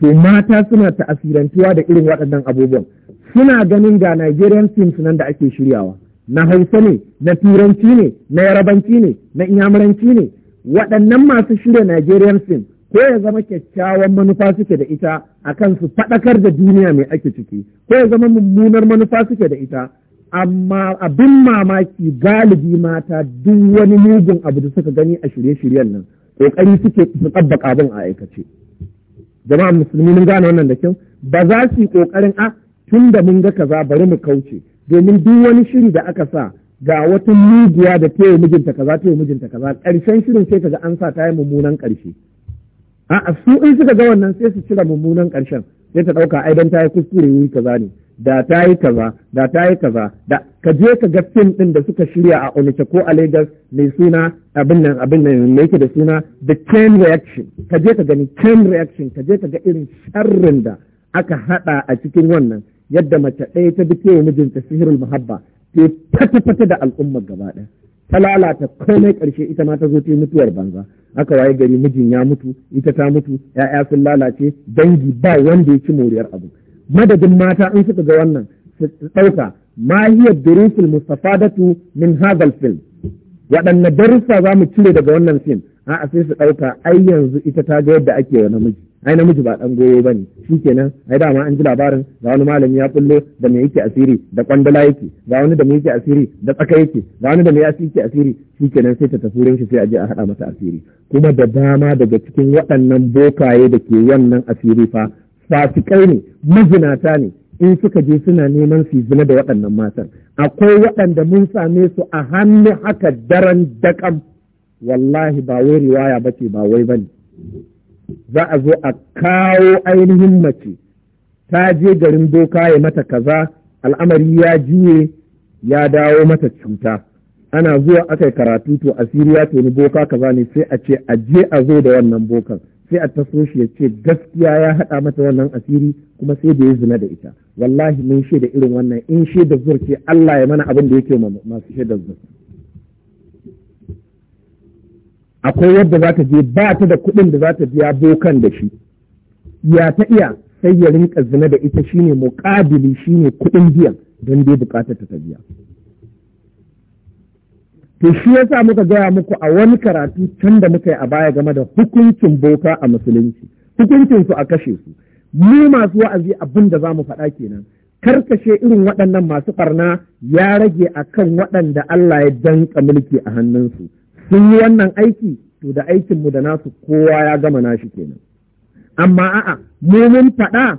to mata suna ta'asirantuwa da irin waɗannan abubuwan suna ganin ga Nigerian teams nan da ake shiryawa na Hausa ne na Turanci ne na Yarabanci ne na Inyamuranci ne waɗannan masu shirya Nigerian teams ko ya zama kyakkyawan manufa suke da ita a kan su faɗakar da duniya mai ake ciki ko ya zama mummunar manufa suke da ita amma abin mamaki galibi mata duk wani mugun abu da suka gani a shirye-shiryen nan kokari suke su tabbaka abin a aikace jama'a musulmi mun gane wannan da kyau ba za su yi kokarin a ah, tun da mun ga kaza bari mu kauce domin duk wani shiri da aka sa ga wata mugiya da ta yi mijinta kaza ta yi mijinta kaza ƙarshen shirin sai kaga an sa ta yi mummunan ƙarshe a'a su in suka ga wannan sai su cire mummunan ƙarshen sai ta ɗauka ai dan ta yi kuskure wuri kaza ne da ta yi kaza da ta yi kaza da ka je ka ga fim ɗin da suka shirya a Onitsha ko a Lagos mai suna abin nan abin nan mai yake da suna the chain reaction ka je ka gani chain reaction ka je ka ga irin sharrin da aka haɗa a cikin wannan yadda mace ɗaya ta bi ke mijinta sihirul muhabba ke fata-fata da al'ummar gaba ɗaya ta lalata komai ƙarshe ita ma ta zo ta mutuwar banza aka waye gari mijin ya mutu ita ta mutu ya'ya sun lalace dangi ba wanda ya ci moriyar abu madadin mata in suka ga wannan su ɗauka ma hiya durusul mustafadatu min hadal film waɗanne darussa za mu cire daga wannan fim a'a sai su ɗauka ai yanzu ita ta ga yadda ake wa namiji ai namiji ba dan goyo bane kenan, ai dama an ji labarin ga wani malami ya kullo da me yake asiri da kwandala yake ga wani da me yake asiri da tsaka yake ga wani da me yake asiri shikenan sai ta tafi wurin shi sai a je a hada mata asiri kuma da dama daga cikin waɗannan bokaye da ke wannan asiri fa fasikai ne mazinata ne in suka je suna neman su zina da waɗannan matan akwai waɗanda mun same su a hannu haka daren daƙam wallahi ba wai riwaya bace ba wai bane za a zo a kawo ainihin mace ta je garin doka ya mata kaza al'amari ya juye ya dawo mata cuta ana zuwa aka yi karatu to asiriya to ni boka kaza ne sai a ce a je a zo da wannan bokan sai a taso shi ya ce gaskiya ya haɗa mata wannan asiri kuma sai da ya zina da ita wallahi mun shaida irin wannan in shaida zurce Allah ya mana abin da yake masu shaida zurce akwai yadda za ta je ba ta da kuɗin da za ta biya bokan da shi ya ta iya sai ya rinka zina da ita shine muƙabili shine kuɗin biyan don dai buƙatar ta biya to shi yasa muka gaya muku a wani karatu can da muka yi a baya game da hukuncin boka a musulunci hukuncinsu a kashe su mu masu wa'azi abin da za mu faɗa kenan karkashe irin waɗannan masu ɓarna ya rage akan waɗanda Allah ya danka mulki a hannunsu sun yi wannan aiki to da aikinmu da nasu kowa ya gama nashi kenan amma a'a mu mun faɗa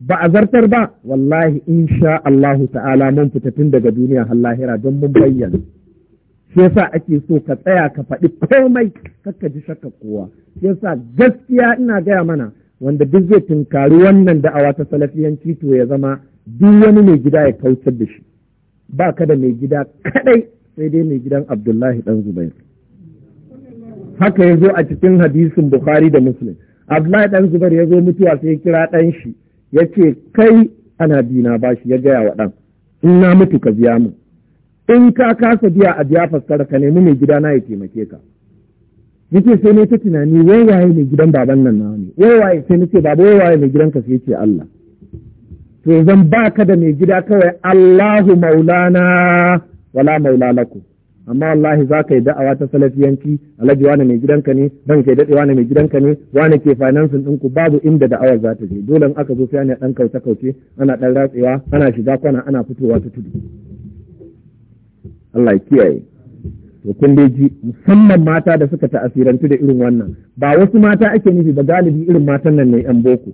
ba a zartar ba wallahi insha Allahu ta'ala mun fita tun daga duniya har lahira don mun bayyana shi yasa ake so ka tsaya ka faɗi komai kakka ji shakka kowa shi yasa gaskiya ina gaya mana wanda duk zai tunkari wannan da'awa ta salafiyanci to ya zama duk wani mai gida ya kautar da shi ba ka da mai gida kaɗai sai dai mai gidan abdullahi ɗan zubair haka ya zo a cikin hadisin bukhari da muslim abdullahi ɗan zubair ya zo mutuwa sai ya kira dan shi ya ce kai ana ba bashi ya gaya wa ɗan. in na mutu ka biya mu in ka kasa biya a biya fassara ka nemi mai gida na ya taimake ka yake sai ne ta tunani wai waye mai gidan baban nan na ne wai waye sai nace baba wai waye mai gidan ka sai ce Allah to zan ba ka da mai gida kawai Allahu maulana wala maula amma wallahi za ka yi da'awa ta salafiyanci alhaji wani mai gidanka ne dan kai daɗe wani mai gidanka ne wani ke finansin ɗinku babu inda da'awar za ta je dole in aka zo sai ana ɗan kauce kauce ana ɗan ratsewa ana shiga kwana ana fitowa ta tudu Allah ya kiyaye to kun dai ji musamman mata da suka ta'asirantu da irin wannan ba wasu mata ake nufi ba galibi irin matan nan ne yan boko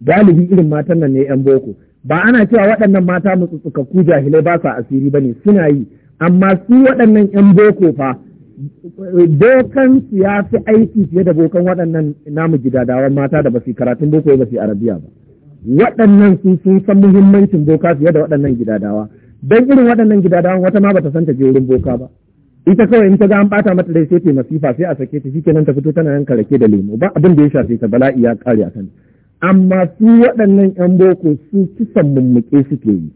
galibi irin matan nan ne yan boko ba ana cewa waɗannan mata mutsutsukaku jahilai ba sa asiri ba ne suna yi amma su waɗannan 'yan boko fa bokan su ya fi aiki fiye da bokan waɗannan namu gidadawan mata da ba su karatun boko ba su arabiya ba waɗannan su sun san muhimmancin boka fiye da waɗannan gidadawa don irin waɗannan gidadawan wata ma bata san ta je wurin boka ba ita kawai in ta ga an bata mata dai sai ta masifa sai a sake ta shikenan ta fito tana yanka rake da lemo ba abin da ya shafe ta bala'i ya kare a kanta amma su waɗannan 'yan boko su kisan mummuke suke yi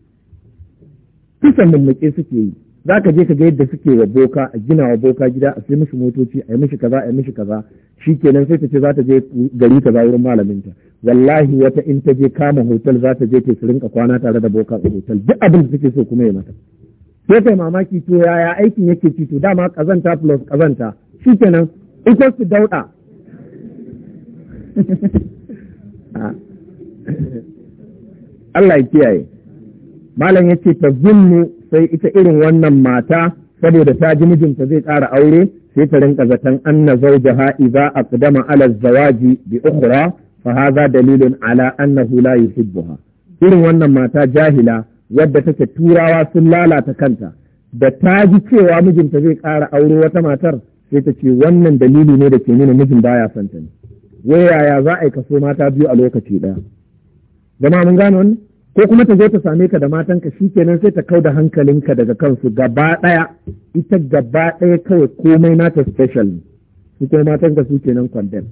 kisan mummuke suke yi za ka je ka ga yadda suke wa boka a gina wa boka gida a sai mishi motoci a yi mishi kaza a yi mishi kaza shi kenan sai ta ce za ta je gari ta wurin malaminta wallahi wata in ta je kama hotel za ta je ke su rinka kwana tare da boka a hotel duk abin da suke so kuma ya mata sai kai mamaki to yaya aikin yake ci to dama kazanta plus kazanta shi kenan ita su dauɗa [LAUGHS] [LAUGHS] Allah ya kiyaye malam ya ce ta zunnu sai ita irin wannan mata saboda ta ji mijinta zai ƙara aure sai ta rinka zaton anna zawjaha idza aqdama ala zawaji bi ukhra fa hadha dalilun ala Hula, la yuhibbuha irin wannan mata jahila wadda take turawa sun lalata kanta da ta ji cewa mijinta zai ƙara aure wata matar sai ta ce wannan dalili ne da ke nuna mijin baya son ta ne wai yaya za a yi kaso mata biyu a lokaci ɗaya Gama mun gane wannan ko kuma ta zo ta same ka da matanka kenan sai ta kau da hankalinka daga kansu gaba ɗaya ita gaba ɗaya kawai komai nata special ne su kuma matanka su kenan kwandon?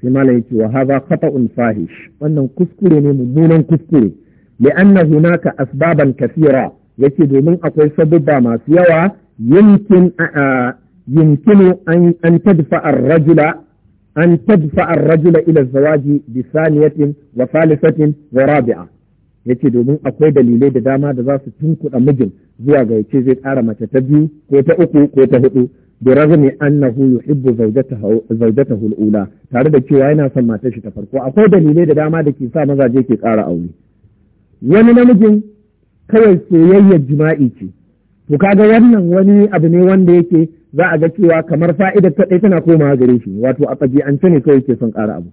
sai malam yake wa hadha khata'un fahish wannan kuskure ne mummunan kuskure li'anna hunaka asbaban kathira yace domin akwai sabubba masu yawa yumkin yumkinu an tadfa ar-rajula an tadfa ar-rajula ila zawaji bi saniyatin wa salisatin wa rabi'a yace domin akwai dalilai da dama da za su tunkuɗa mijin zuwa ga yace zai ƙara mace ta biyu ko ta uku ko ta hudu bi ragmi annahu yuhibbu zawjatahu zawjatahu al-ula tare da cewa yana son matar shi ta farko akwai dalilai da dama da ke sa mazaje ke ƙara aure wani namijin kawai soyayyar jima'i ce to kaga wannan wani abu ne wanda yake za a ga cewa kamar fa'idar ta ɗaya tana komawa gare shi wato a ɗabi'ance ne kawai ke son ƙara abu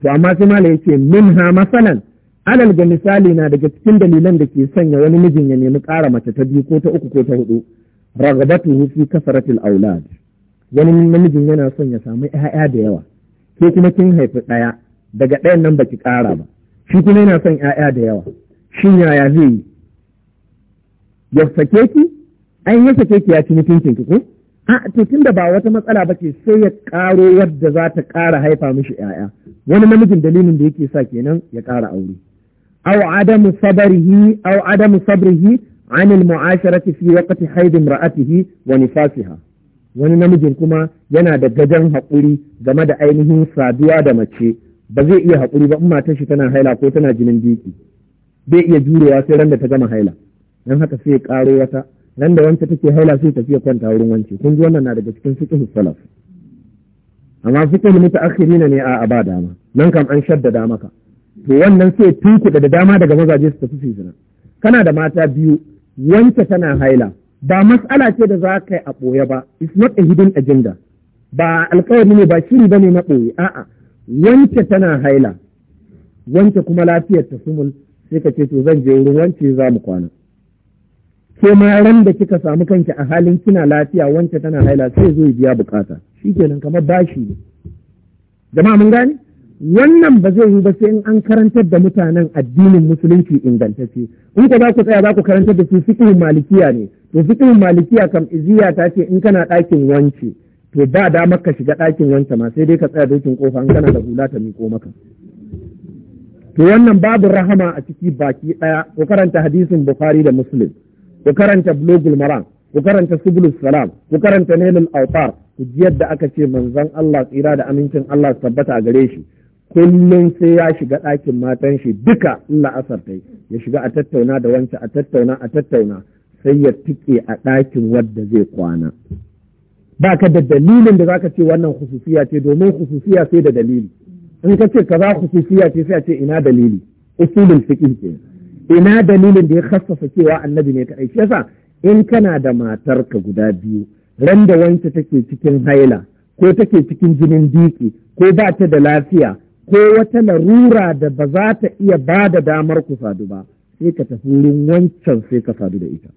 to amma sai mala yace min ha masalan alal ga misali na daga cikin dalilan da ke sanya wani mijin ya nemi ƙara mace ta biyu ko ta uku ko ta hudu ragabatuhu fi kasaratil aulad wani namijin yana son ya samu ƴaƴa da yawa ke kuma kin haifi ɗaya daga ɗayan nan baki ƙara ba shi kuma yana son ƴaƴa da yawa shin yaya zai yi ya sake ki an ya sake ki ya ci mutuncin ki ko a to da ba wata matsala ba ce sai ya ƙaro yadda za ta ƙara haifa mishi ‘ya'ya wani namijin dalilin da yake sa kenan ya ƙara aure aw adamu sabrihi aw adamu sabrihi anil al-mu'asharati fi waqti haid imra'atihi wa nifasiha wani namijin kuma yana da gajan haƙuri game da ainihin saduwa da mace ba zai iya haƙuri ba in matar shi tana haila ko tana jinin jiki? bai iya jurewa sai ran da ta gama haila dan haka sai ya ƙaro wata nan da wancan take haila sai tafiya kwanta wurin wance kun ji wannan na daga cikin fiqh salaf amma fiqh mutaakhirina ne a ba dama nan kam an shaddada maka to wannan sai tuku da dama daga mazaje su tafi su zina kana da mata biyu Wancan tana haila ba mas'ala ce da za ka yi a ɓoye ba it's not a hidden agenda ba alkawari ne ba shiri ba ne na ɓoye a'a wancan tana haila Wancan kuma lafiyar ta sumul sai ka ce to zan je wurin wance za mu kwana ko ma ran da kika samu kanki a halin kina lafiya wance tana haila sai zo ya biya bukata shi kenan kamar bashi ne jama'a mun gane wannan ba zai yi ba sai in an karantar da mutanen addinin musulunci ingantacce in ka za ku tsaya za ku karantar da su fiqhin malikiya ne to fiqhin malikiya kam iziya ta ce in kana ɗakin wance to ba damar ka shiga ɗakin wance ma sai dai ka tsaya dokin kofa in kana da hula ta miƙo maka to wannan babu rahama a ciki baki ɗaya ko karanta hadisin bukhari da muslim ku karanta blogul maram ku karanta sublus salam ku karanta nailul autar ku ji yadda aka ce manzon Allah tsira da amincin Allah tabbata a gare shi kullum sai ya shiga ɗakin matan shi duka in la'asar ta ya shiga a tattauna da wancan a tattauna a tattauna sai ya tike a ɗakin wadda zai kwana baka da dalilin da zaka ce wannan kususiya ce domin kususiya sai da dalili in ka ce kaza kususiya ce sai a ce ina dalili usulul fiqh kenan ina dalilin da ya kassafa cewa annabi ne kaɗai shi yasa in kana da matar ka guda biyu randa da take cikin haila ko take cikin jinin diki ko ba ta da lafiya ko wata larura da ba za ta iya ba da damar ku sadu ba sai ka tafi wurin wancan sai ka sadu da ita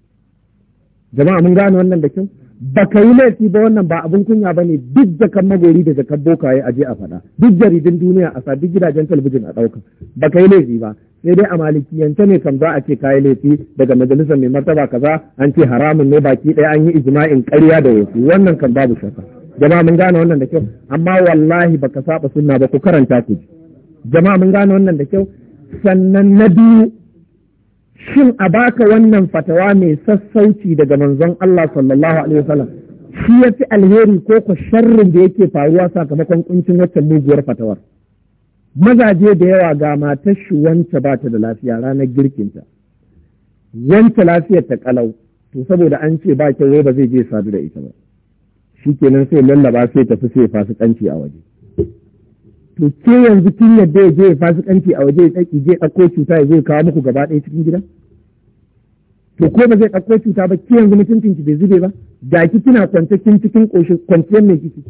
jama'a mun gane wannan da kyau ba ka yi laifi ba wannan ba abin kunya ba ne duk jakan magori da jakan bokaye aje a faɗa duk jaridun duniya a sa duk gidajen talabijin a ɗauka ba ka yi laifi ba sai dai a malikiyance ne kan za a ce kayi laifi daga majalisar mai martaba kaza an ce haramun ne baki ɗaya an yi ijma'in ƙarya da wasu wannan kan babu shakka jama'a mun gane wannan da kyau amma wallahi baka saba sunna ba ku karanta ku jama'a mun gane wannan da kyau sannan na biyu shin a baka wannan fatawa mai sassauci daga manzon Allah sallallahu alaihi wasallam shi yafi alheri ko ko sharrin da yake faruwa sakamakon kuncin waccan muguwar fatawar mazaje da yawa ga matar shi wanta ba ta da lafiya ranar girkinta wanta lafiyar ta kalau to saboda an ce ba kyau ba zai je sadu da ita ba shi kenan sai lallaba sai tafi sai fasikanci a waje to ke yanzu kin yadda ya je fasikanci a waje ya tsaki je ɗauko cuta ya zai kawo muku gaba ɗaya cikin gida to ko ba zai ɗauko cuta ba ke yanzu mutuncin ki bai zube ba da ki kina kwance kin cikin ƙoshin kwanciyar mai kiki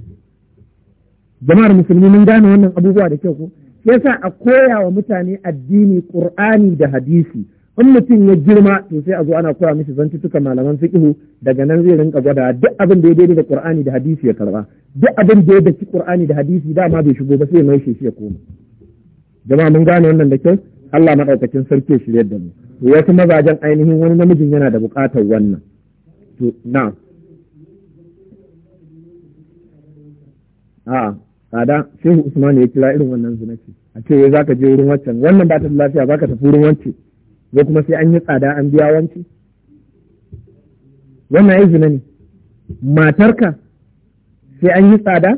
jama'ar musulmi mun gane wannan abubuwa da kyau ko yasa a koya wa mutane addini qur'ani da hadisi in mutum ya girma to sai a zo ana koya mishi zantuttuka malaman fiqhu daga nan zai rinka gwada duk abin da ya daidai da qur'ani da hadisi ya karba duk abin da ya daki qur'ani da hadisi dama bai shigo ba sai mai shi ya koma jama'a mun gane wannan da kyau Allah madaukakin sarki ya shirye da mu wasu mazajen ainihin wani namijin yana da bukatar wannan to na'am tsada shehu usman ya kira irin wannan zina a ce wai zaka je wurin wancan wannan ba ta da lafiya zaka tafi wurin wance ko kuma sai an yi tsada an biya wancan wannan ai zina ne matarka sai an yi tsada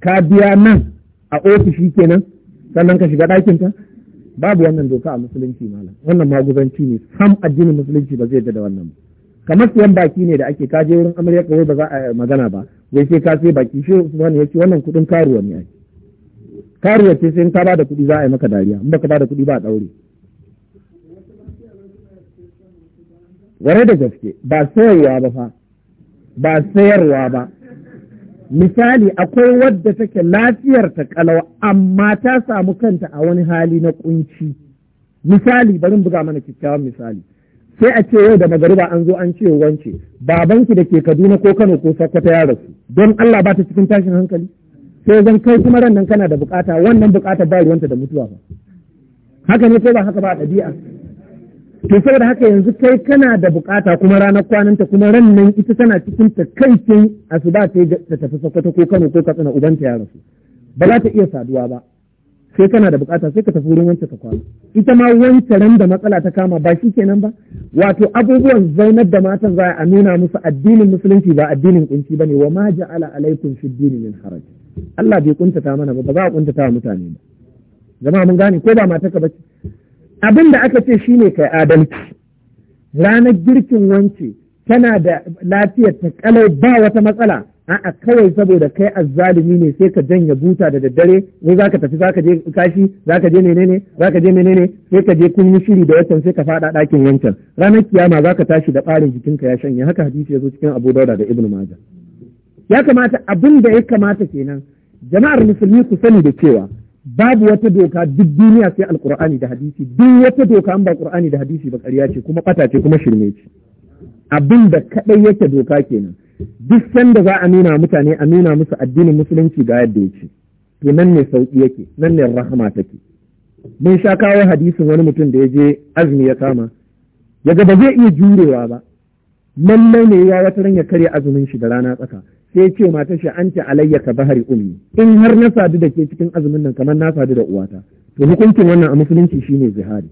ka biya nan a ofishi kenan sannan ka shiga ɗakinta babu wannan doka a musulunci malam wannan maguzanci ne sam addinin musulunci ba zai da wannan ba kamar siyan baki ne da ake kaje wurin amarya kawai ba za a magana ba ya ce ka sai baki shi Usman ya ce wannan kuɗin karuwa ne ake karuwa ce sai in ka bada kuɗi za a yi maka dariya in baka bada kuɗi ba a ɗaure ware da gaske ba sayarwa ba fa ba sayarwa ba misali akwai wadda take lafiyar ta kalawa amma ta samu kanta a wani hali na kunci misali bari buga mana kyakkyawan misali sai a ce yau da magariba an zo an ce wance babanki da ke Kaduna ko Kano ko Sokoto ya rasu don Allah ba ta cikin tashin hankali sai zan kai kuma ran nan kana da bukata wannan bukata ba ruwanta da mutuwa ba haka ne ko ba haka ba ɗabi'a to saboda haka yanzu kai kana da bukata kuma ranar kwanan ta kuma ran nan ita tana cikin takaicin asuba ta tafi Sokoto ko Kano ko Katsina ubanta ya rasu ba za ta iya saduwa ba sai kana da bukata sai ka tafi wurin wancan ka kwana ita ma wancan da matsala ta kama ba shi kenan ba wato abubuwan zaunar da matan za a nuna musu addinin musulunci ba addinin kunci bane wa ma ja'ala alaikum fi dini min haraj Allah bai kuntata mana ba ba za a kuntata mutane ba jama'a mun gane ko ba mata ka bace abin da aka ce shine kai adalci ranar girkin wance tana da lafiyar ta kalau ba wata matsala a'a kawai saboda kai azzalimi ne sai ka janye buta da daddare za ka tafi za ka je kashi ka je menene ka je menene sai ka je kun yi shiri da wancan sai ka faɗa ɗakin yancan ranar kiyama za ka tashi da ɓarin jikinka ya shanye haka hadisi ya zo cikin Abu Dauda da Ibn maja ya kamata abin da ya kamata kenan jama'ar musulmi ku sani da cewa babu wata doka duk duniya sai alqur'ani da hadisi duk wata doka an ba qur'ani da hadisi ba ƙarya ce kuma ɓata ce kuma shirme ce abin da kaɗai yake doka kenan duk sanda za a nuna mutane a nuna musu addinin musulunci ga yadda yake to nan ne sauki yake nan ne rahama take mun sha kawo hadisin wani mutum da ya je azumi ya kama ya ga ba zai iya jurewa ba lallai ne ya wata ran ya karya azumin shi da rana tsaka sai ce mata shi an ce alayya ka bahari ummi in har na sadu da ke cikin azumin nan kamar na sadu da uwata to hukuncin wannan a musulunci shine jihadi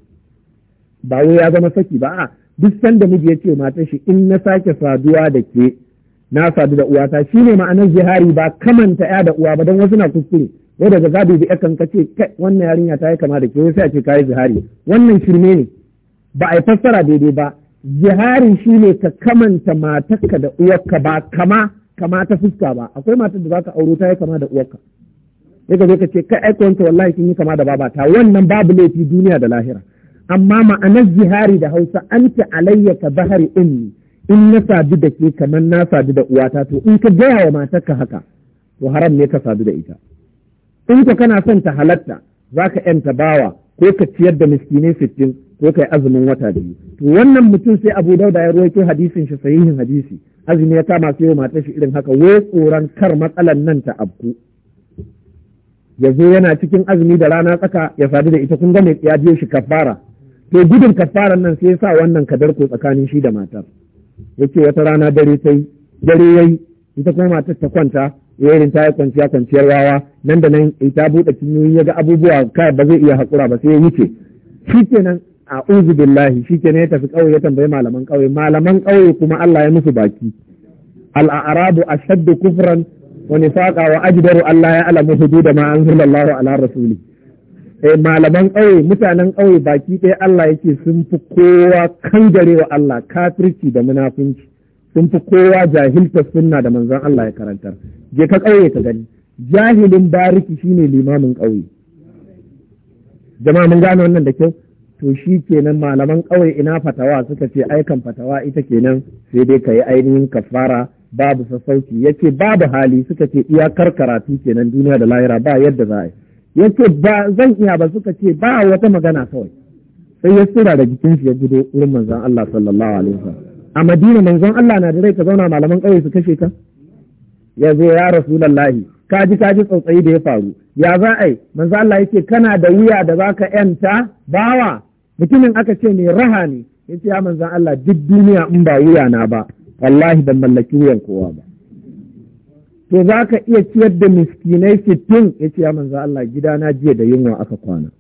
ba wai ya zama saki ba a duk sanda miji ya ce matashi in na sake saduwa da ke na sadu da uwata shine ma'anar jihari ba kamanta ya da uwa ba don wasu na kuskure wai daga zabi da yakan kace wannan yarinya ta yi kama da ke sai a ce kai zihari wannan shirme ne ba a yi fassara daidai ba zihari shine ka kamanta matarka da uwarka ba kama kama ta fuska ba akwai matar da zaka auro ta yi kama da uwarka sai ka zo ka ce kai ai kwanta wallahi kin yi kama da babata wannan babu laifi duniya da lahira amma ma'anar jihari da Hausa anta alayya ka bahari ummi in na sadu da ke kamar na sadu da uwata to in ka gaya wa matarka haka to haram ne ka sadu da ita in ka kana son ta halatta za ka yanta bawa ko ka ciyar da miskinai sittin ko ka azumin wata biyu to wannan mutum sai abu dauda ya roƙi hadisin shi sahihin hadisi azumi ya kama sai matar shi irin haka wai tsoron kar matsalan nan ta abku ya zo yana cikin azumi da rana tsaka ya sadu da ita kun ga ya biyo shi kafara to gudun kafaran nan sai ya sa wannan kadarko tsakanin shi da matar yace wata rana dare sai dare yayi ita kuma matar ta kwanta yayin ta yi kwanciya kwanciyar rawa. nan da nan ita buɗe cinyoyi yaga abubuwa kai ba zai iya haƙura ba sai ya wuce shikenan a billahi shikenan ya tafi ƙauye ya tambayi malaman ƙauye malaman ƙauye kuma Allah ya musu baki al-a'rabu ashaddu kufran wa nifaqa wa ajdaru Allah ya alamu hududa ma anzalallahu ala rasuli Eh, malaman ƙauye mutanen ƙauye baki ɗaya Allah yake sun fi kowa wa Allah kafirci da munafunci sun fi kowa jahilta sunna da manzon Allah ya karantar je ka ƙauye ka gani jahilin bariki shine limamin ƙauye jama'a mun gane wannan da kyau to shi kenan malaman ƙauye ina fatawa suka ce aikan fatawa ita kenan sai dai ka yi ainihin kafara babu sassauci yace babu hali suka ce iyakar karatu kenan duniya da lahira ba yadda za a yi ya ce ba zan iya ba suka ce ba wata magana kawai sai ya tsira da jikin shi ya gudo wurin manzon Allah sallallahu alaihi wasallam a Madina manzon Allah na da rai ka zauna malaman ƙauye su kashe ka ya zo ya rasulullahi ka ji ka ji tsautsayi da ya faru ya za a yi manzon Allah yake kana da wuya da zaka yanta bawa mutumin aka ce mai raha ne yace ya manzon Allah duk duniya in ba wuya na ba wallahi ban mallaki wuyan kowa ba to za ka iya ciyar da miskinai sittin ya ce ya manzo Allah gidana jiya da yunwa aka kwana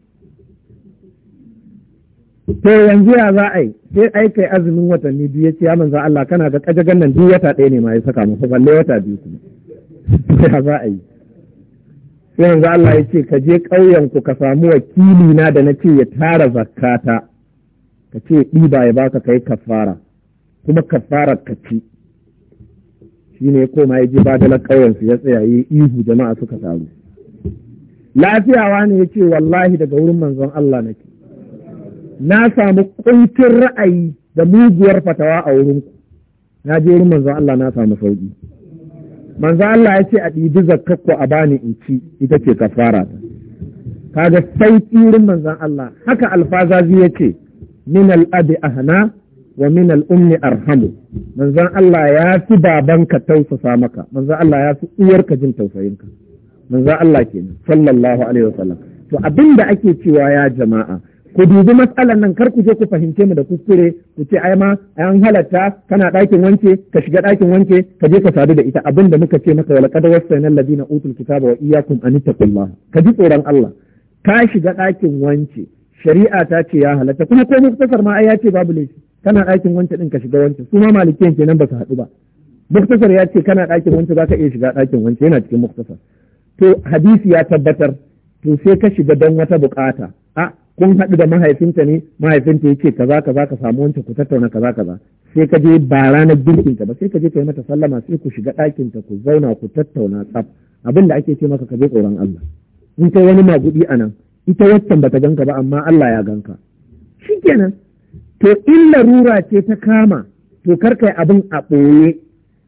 to yanzu ya za a yi sai aika yi azumin watanni biyu ya ce ya manzo Allah kana ga kajagan nan duk wata ɗaya ne ma ya saka masa balle wata biyu kuma [LAUGHS] ya za a yi sai manzo Allah ya ce ka je ƙauyen ku ka samu wakili na da na ce ya tara zakata ka ce ɗiba ya baka kai kafara kuma kafarar ka ci shine koma ya je badalar ƙauyensu ya tsaya yi ihu jama'a suka taru lafiyawa ne ya ce wallahi daga wurin manzon Allah nake na samu kuntin ra'ayi da mugiyar fatawa a wurin ku na je wurin manzon Allah na samu sauƙi. manzon Allah ya ce a ɗibi zakkakku a bani in ci ita ce kafara ta kaga sauƙi wurin manzon Allah haka alfazazi ya ce min al-abi ahna wa min al'ummi arhamu manzon Allah ya fi babanka tausasa maka manzon Allah ya fi uwarka jin tausayinka manzon Allah kenan sallallahu alaihi wasallam to abinda ake cewa ya jama'a ku dubi matsalan nan kar ku je ku fahimce mu da kuskure ku ce ai ma an halatta kana ɗakin wanke ka shiga ɗakin wanke ka je ka sadu da ita abin da muka ce maka wala qad wasayna alladina utul kitaba wa iyyakum an taqullaha ka ji tsoron Allah ka shiga ɗakin wanke shari'a ta ce ya halatta kuma ko muktasar ma ai ya ce babu laifi kana ɗakin wance ɗin ka shiga wancan su ma malikiyan kenan ba su haɗu ba muktasar ya ce kana ɗakin wancan za ka iya shiga ɗakin wancan yana cikin muktasar to hadisi ya tabbatar to sai ka shiga don wata bukata a kun haɗu da mahaifinta ne mahaifinta yake kaza kaza ka samu wancan ku tattauna kaza kaza sai ka je ba ranar girkinta ba sai ka je ka yi mata sallama sai ku shiga ɗakinta ku zauna ku tattauna tsaf abin da ake ce maka ka je tsoron Allah in kai wani magudi a nan ita waccan bata ganka ba amma Allah ya ganka shikenan to in larura ce ta kama to karkai abin a ɓoye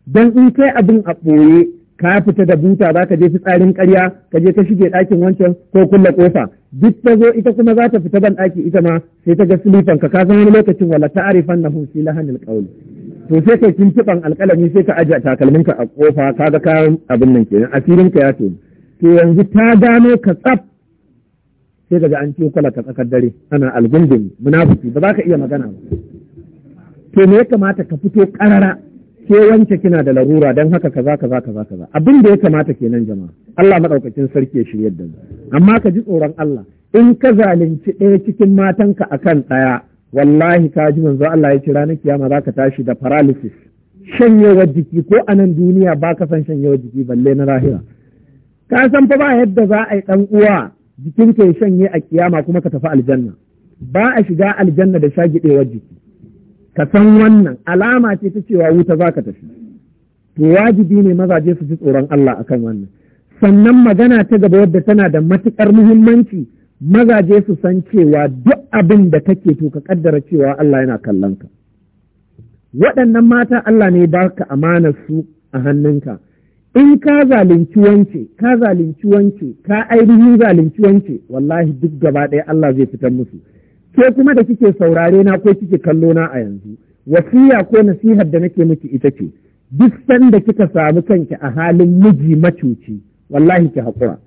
don in kai abin a ɓoye ka fita da buta za ka je fitsarin karya ka je ka shige ɗakin wancan ko kulle ƙofa duk ta zo ita kuma za ta fita ban ɗaki ita ma sai ta ga silifan ka ka wani lokacin wala ta arifan na na hannun qawli to sai kai kintiban alƙalami sai ka ajiye takalminka a ƙofa ga kayan abin nan kenan asirin ka ya to to yanzu ta gano ka tsaf sai kaga an kwalata tsakar dare ana algundin munafiki ba za ka iya magana ba to me ya kamata ka fito karara ke wance kina da larura don haka kaza kaza kaza kaza abin da ya kamata ke nan jama'a Allah madaukakin sarki ya shirya da amma ka ji tsoron Allah in ka zalunci ɗaya cikin matanka akan ɗaya wallahi ka ji manzo Allah ya ce ranar kiyama za ka tashi da paralysis shanyewar jiki ko a nan duniya ba ka san shanyewar jiki balle na lahira ka san fa ba yadda za a yi ɗan uwa Jikin ke shanye a kiyama kuma ka tafi aljanna ba a shiga aljanna da shagiɗewar jiki ka san wannan alama ce ta cewa wuta za ka tafi to wajibi ne mazaje su ji tsoron Allah akan wannan sannan magana ta gaba wadda tana da matukar muhimmanci mazaje su san cewa duk abin da take to ka kaddara cewa Allah yana kallon ka waɗannan mata Allah ne ba ka amanar su a hannunka in ka zalunci wance ka zalunci wance ka ainihin zalunci wance wallahi duk gaba ɗaya Allah zai fitar musu ke kuma da kike saurare na ko kike kallo na a yanzu wasiya ko nasihar da nake miki ita ce duk sanda kika samu kanki a halin miji macuci wallahi ki haƙura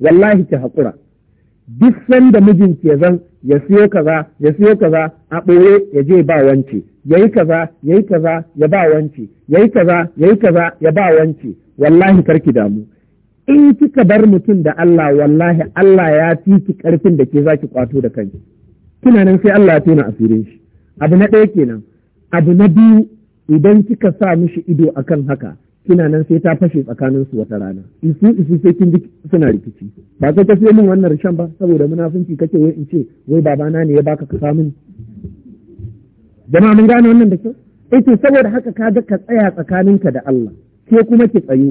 wallahi ki haƙura duk sanda mijinki ya zan ya siyo kaza ya siyo kaza a ɓoye ya je ba wance yayi kaza yayi kaza ya ba wance yayi kaza yayi kaza ya ba wance wallahi karki damu in kika bar mutum da Allah wallahi Allah ya fi ki karfin da ke zaki kwato da kanki kina nan sai Allah ya tona asirin shi abu na ɗaya kenan abu na biyu idan kika sa mishi ido akan haka kina nan sai ta fashe tsakanin su wata rana isu isu sai kin suna rikici ba sai ka min wannan rashan ba saboda munafunci kake wai in ce wai babana ne ya baka ka samu jama'a mun gane wannan da kyau ita eh saboda haka ka ga ka tsaya tsakaninka da Allah ke kuma ki tsayu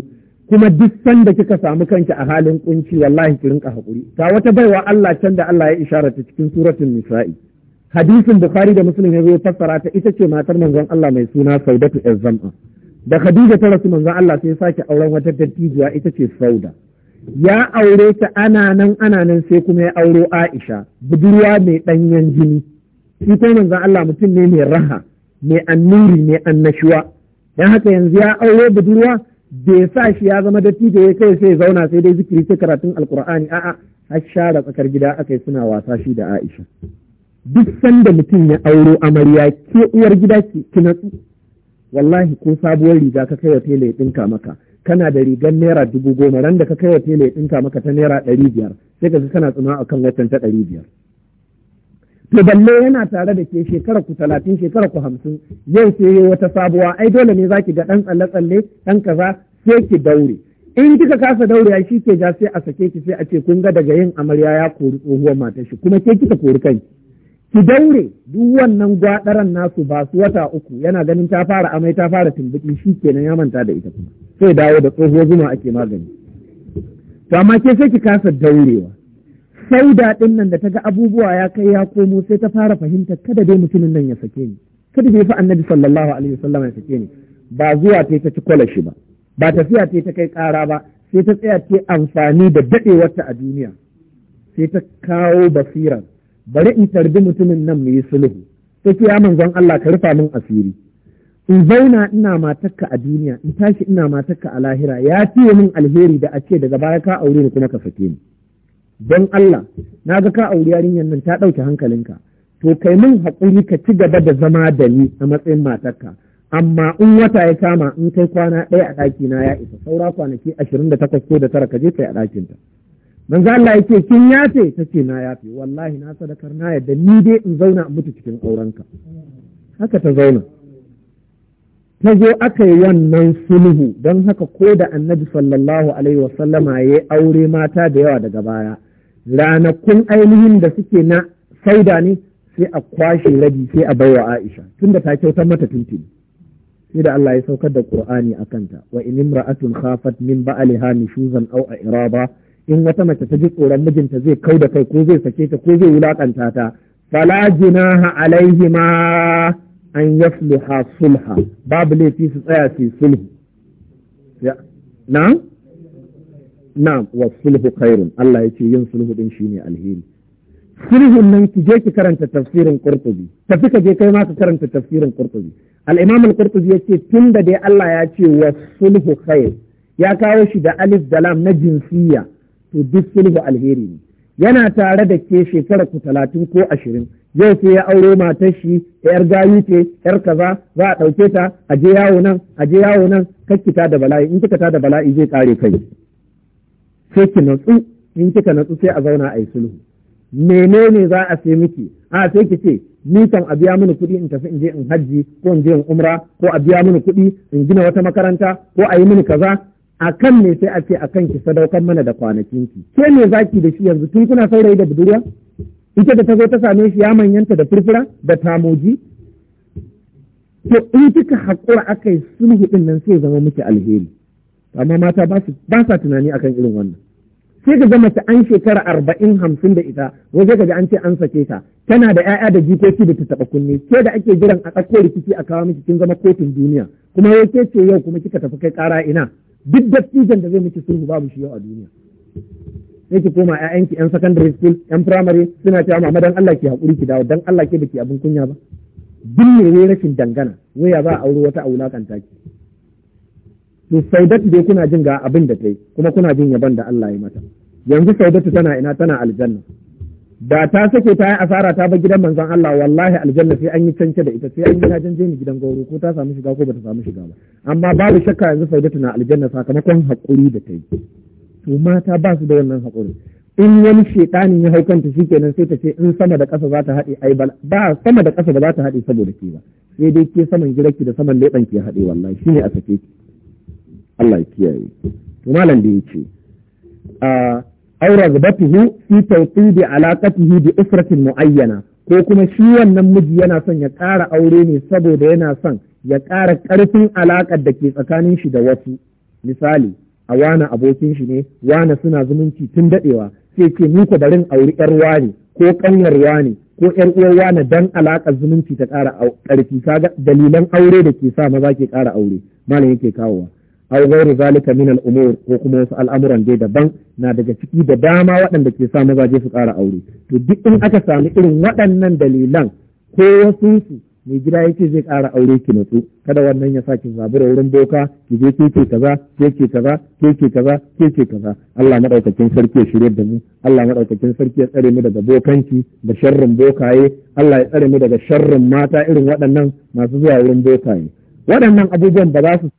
kuma duk sanda kika samu kanki a halin kunci wallahi ki rinka hakuri Ta wata baiwa Allah can da Allah ya isharata cikin suratul nisa'i hadisin bukhari da muslim ya zo fassara ta ita ce matar manzon Allah mai suna saudatu az-zam'a da Khadija ta rasu manzon Allah sai sake auren wata dattijuwa ita ce Sauda ya aure ta ana nan ana nan sai kuma ya auro Aisha budurwa mai ɗanyen jini shi kuma manzon Allah mutum ne mai raha mai annuri mai annashuwa dan haka yanzu ya aure budurwa bai sa shi ya zama dattijo ya kai sai zauna sai dai zikiri ta karatun alkur'ani a'a har share tsakar gida akai suna wasa shi da Aisha duk sanda mutum ya auro amarya ke uwar gida ki natsu wallahi ko sabuwar riga ka kai wa tela ya ɗinka maka kana da rigar naira dubu goma ran da ka kai wa tela ya ɗinka maka ta naira ɗari biyar sai ka kana tsuna a kan watan ta ɗari biyar. To balle yana tare da ke shekara ku talatin shekara ku hamsin yau sai wata sabuwa ai dole ne zaki ga ɗan tsalle-tsalle ɗan kaza sai ki daure. in kika kasa daure ya shi ke ja sai a sake ki sai a ce kun ga daga yin amarya ya kori tsohuwar matar shi kuma ke kika kori kanki Su daure duk wannan gwadaran nasu ba su wata uku yana ganin ta fara amai ta fara tumbuki shi kenan ya manta da ita kuma sai dawo da tsoho zuma ake magani to amma ke sai ki kasa daurewa sai da nan da ta ga abubuwa ya kai ya komo sai ta fara fahimta kada dai mutumin nan ya sake ni kada dai fa annabi sallallahu alaihi wasallam ya sake ni ba zuwa ta ta ci kwalashi ba ba tafiya ta ta kai kara ba sai ta tsaya ta amfani da dadewarta a duniya sai ta kawo basiran bari in tarbi mutumin nan mu yi sulhu sai ya manzon Allah ka rufa min asiri in zauna ina matarka a duniya in tashi ina matarka a lahira ya fiye min alheri da a ce daga baya ka aure ni kuma ka sake ni don Allah na ga ka aure yarinyar nan ta dauke hankalinka to kai min hakuri ka ci gaba da zama da ni a matsayin matarka amma in wata ya kama in kai kwana ɗaya a ɗaki na ya isa saura kwanaki ashirin da takwas ko da tara ka je kai a ɗakinta. ta manzo Allah yake kin yafe ce na yafe wallahi na sadakar na yadda ni dai in zauna mutu cikin aurenka haka ta zauna ta zo aka yi wannan sulhu don haka ko da annabi sallallahu alaihi wasallama ya aure mata da yawa daga baya ranakun ainihin da suke na sauda ne sai a kwashe rabi sai a baiwa Aisha tunda ta kyauta mata tuntuni sai da Allah ya saukar da Kur'ani a kanta wa in imra'atun khafat min ba'liha nushuzan aw iraba in wata mace ta ji tsoron mijinta zai kau da kai ko zai sake ta ko zai wulakanta ta fala alaihi ma an yasluha sulha babu laifi su tsaya su sulhu na na wa sulhu khairun Allah ya ce yin sulhu din shine alheri sulhun nan ki je ki karanta tafsirin Qurtubi tafi ka je kai ma ka karanta tafsirin Qurtubi al-Imam al-Qurtubi yace tunda dai Allah ya ce wa sulhu khair ya kawo shi da alif da lam na jinsiyya to duk sulhu alheri ne yana tare da ke shekara ku talatin ko ashirin yau sai ya aure matar shi yar gayu ce yar kaza za a ɗauke ta a je yawo nan a je yawo nan kakki ta da bala'i in kika ta da bala'i zai kare kai sai ki natsu in kika natsu sai a zauna a yi sulhu menene za a sai miki a sai ki ce ni kan a biya mini kuɗi in tafi in je in hajji ko in je in umra ko a biya mini kuɗi in gina wata makaranta ko a yi mini kaza akan ne sai a ce akan ki sadaukar mana da kwanakin ki ke za zaki da shi yanzu tun kuna saurayi da budurwa ita da ta zo ta same shi ya manyanta da furfura da tamoji to in kika haƙura aka yi sulhu ɗin nan sai zama miki alheri amma mata ba sa tunani akan irin wannan sai ka zama ta an shekara arba'in hamsin da ita waje ka ji an ce an sake ta tana da 'ya'ya da jikoki da ta taɓa kunne ke da ake jiran a ɗauko rikici a kawo miki kin zama kotun duniya kuma yau ke ce yau kuma kika tafi kai ƙara ina duk dattijan da zai miki sulhu babu shi yau a duniya ki koma ƴaƴanki yan secondary school yan primary suna cewa mama dan Allah ki haƙuri ki dawo dan Allah ke baki abin kunya ba duk ne rashin dangana waya a aure wata aulakanta ki to saudatu dai kuna jin ga abin da ta yi kuma kuna jin yaban da Allah ya mata yanzu saudatu tana ina tana aljanna da ta sake ta yi asara ta bar gidan manzon Allah wallahi aljanna sai an yi cance da ita sai an yi hajin jini gidan gauro ko ta samu shiga ko bata samu shiga ba amma babu shakka yanzu faidatu na aljanna sakamakon hakuri da ta yi to mata ba su da wannan hakuri in wani shekani ya hau kanta shikenan sai ta ce in sama da ƙasa za ta haɗe ai ba sama da ƙasa ba za ta haɗe saboda ke ba sai dai ke saman girarki da saman leɓen ke haɗe wallahi shine a sake ki Allah ya kiyaye to malam da ce. a ah, aw ragbatuhu fi tawqidi alaqatihi bi usratin muayyana ko kuma shi wannan miji yana son ya ƙara aure ne saboda yana son ya ƙara ƙarfin alaƙar da ke tsakanin shi da wasu misali a wana abokin shi ne wana suna zumunci tun daɗewa sai ce ni barin auri ƴar wani ko ƙanyar wani ko ƴar uwar wani dan alaƙar zumunci ta ƙara ƙarfi kaga dalilan aure da ke sa maza ke ƙara aure malam yake kawowa aw ghairu zalika min al ko kuma wasu al'amuran dai daban na daga ciki da dama waɗanda ke sa mazaje su ƙara aure to duk in aka samu irin waɗannan dalilan ko wasu su mai gida yake zai ƙara aure ki nutsu kada wannan ya sa ki zabura wurin boka ki je ke ke kaza ke ke kaza ke ke kaza ke ke kaza Allah madaukakin sarki ya shirye da mu Allah madaukakin sarki ya tsare mu daga bokanci da sharrin bokaye Allah ya tsare mu daga sharrin mata irin waɗannan masu zuwa wurin bokaye waɗannan abubuwan ba za su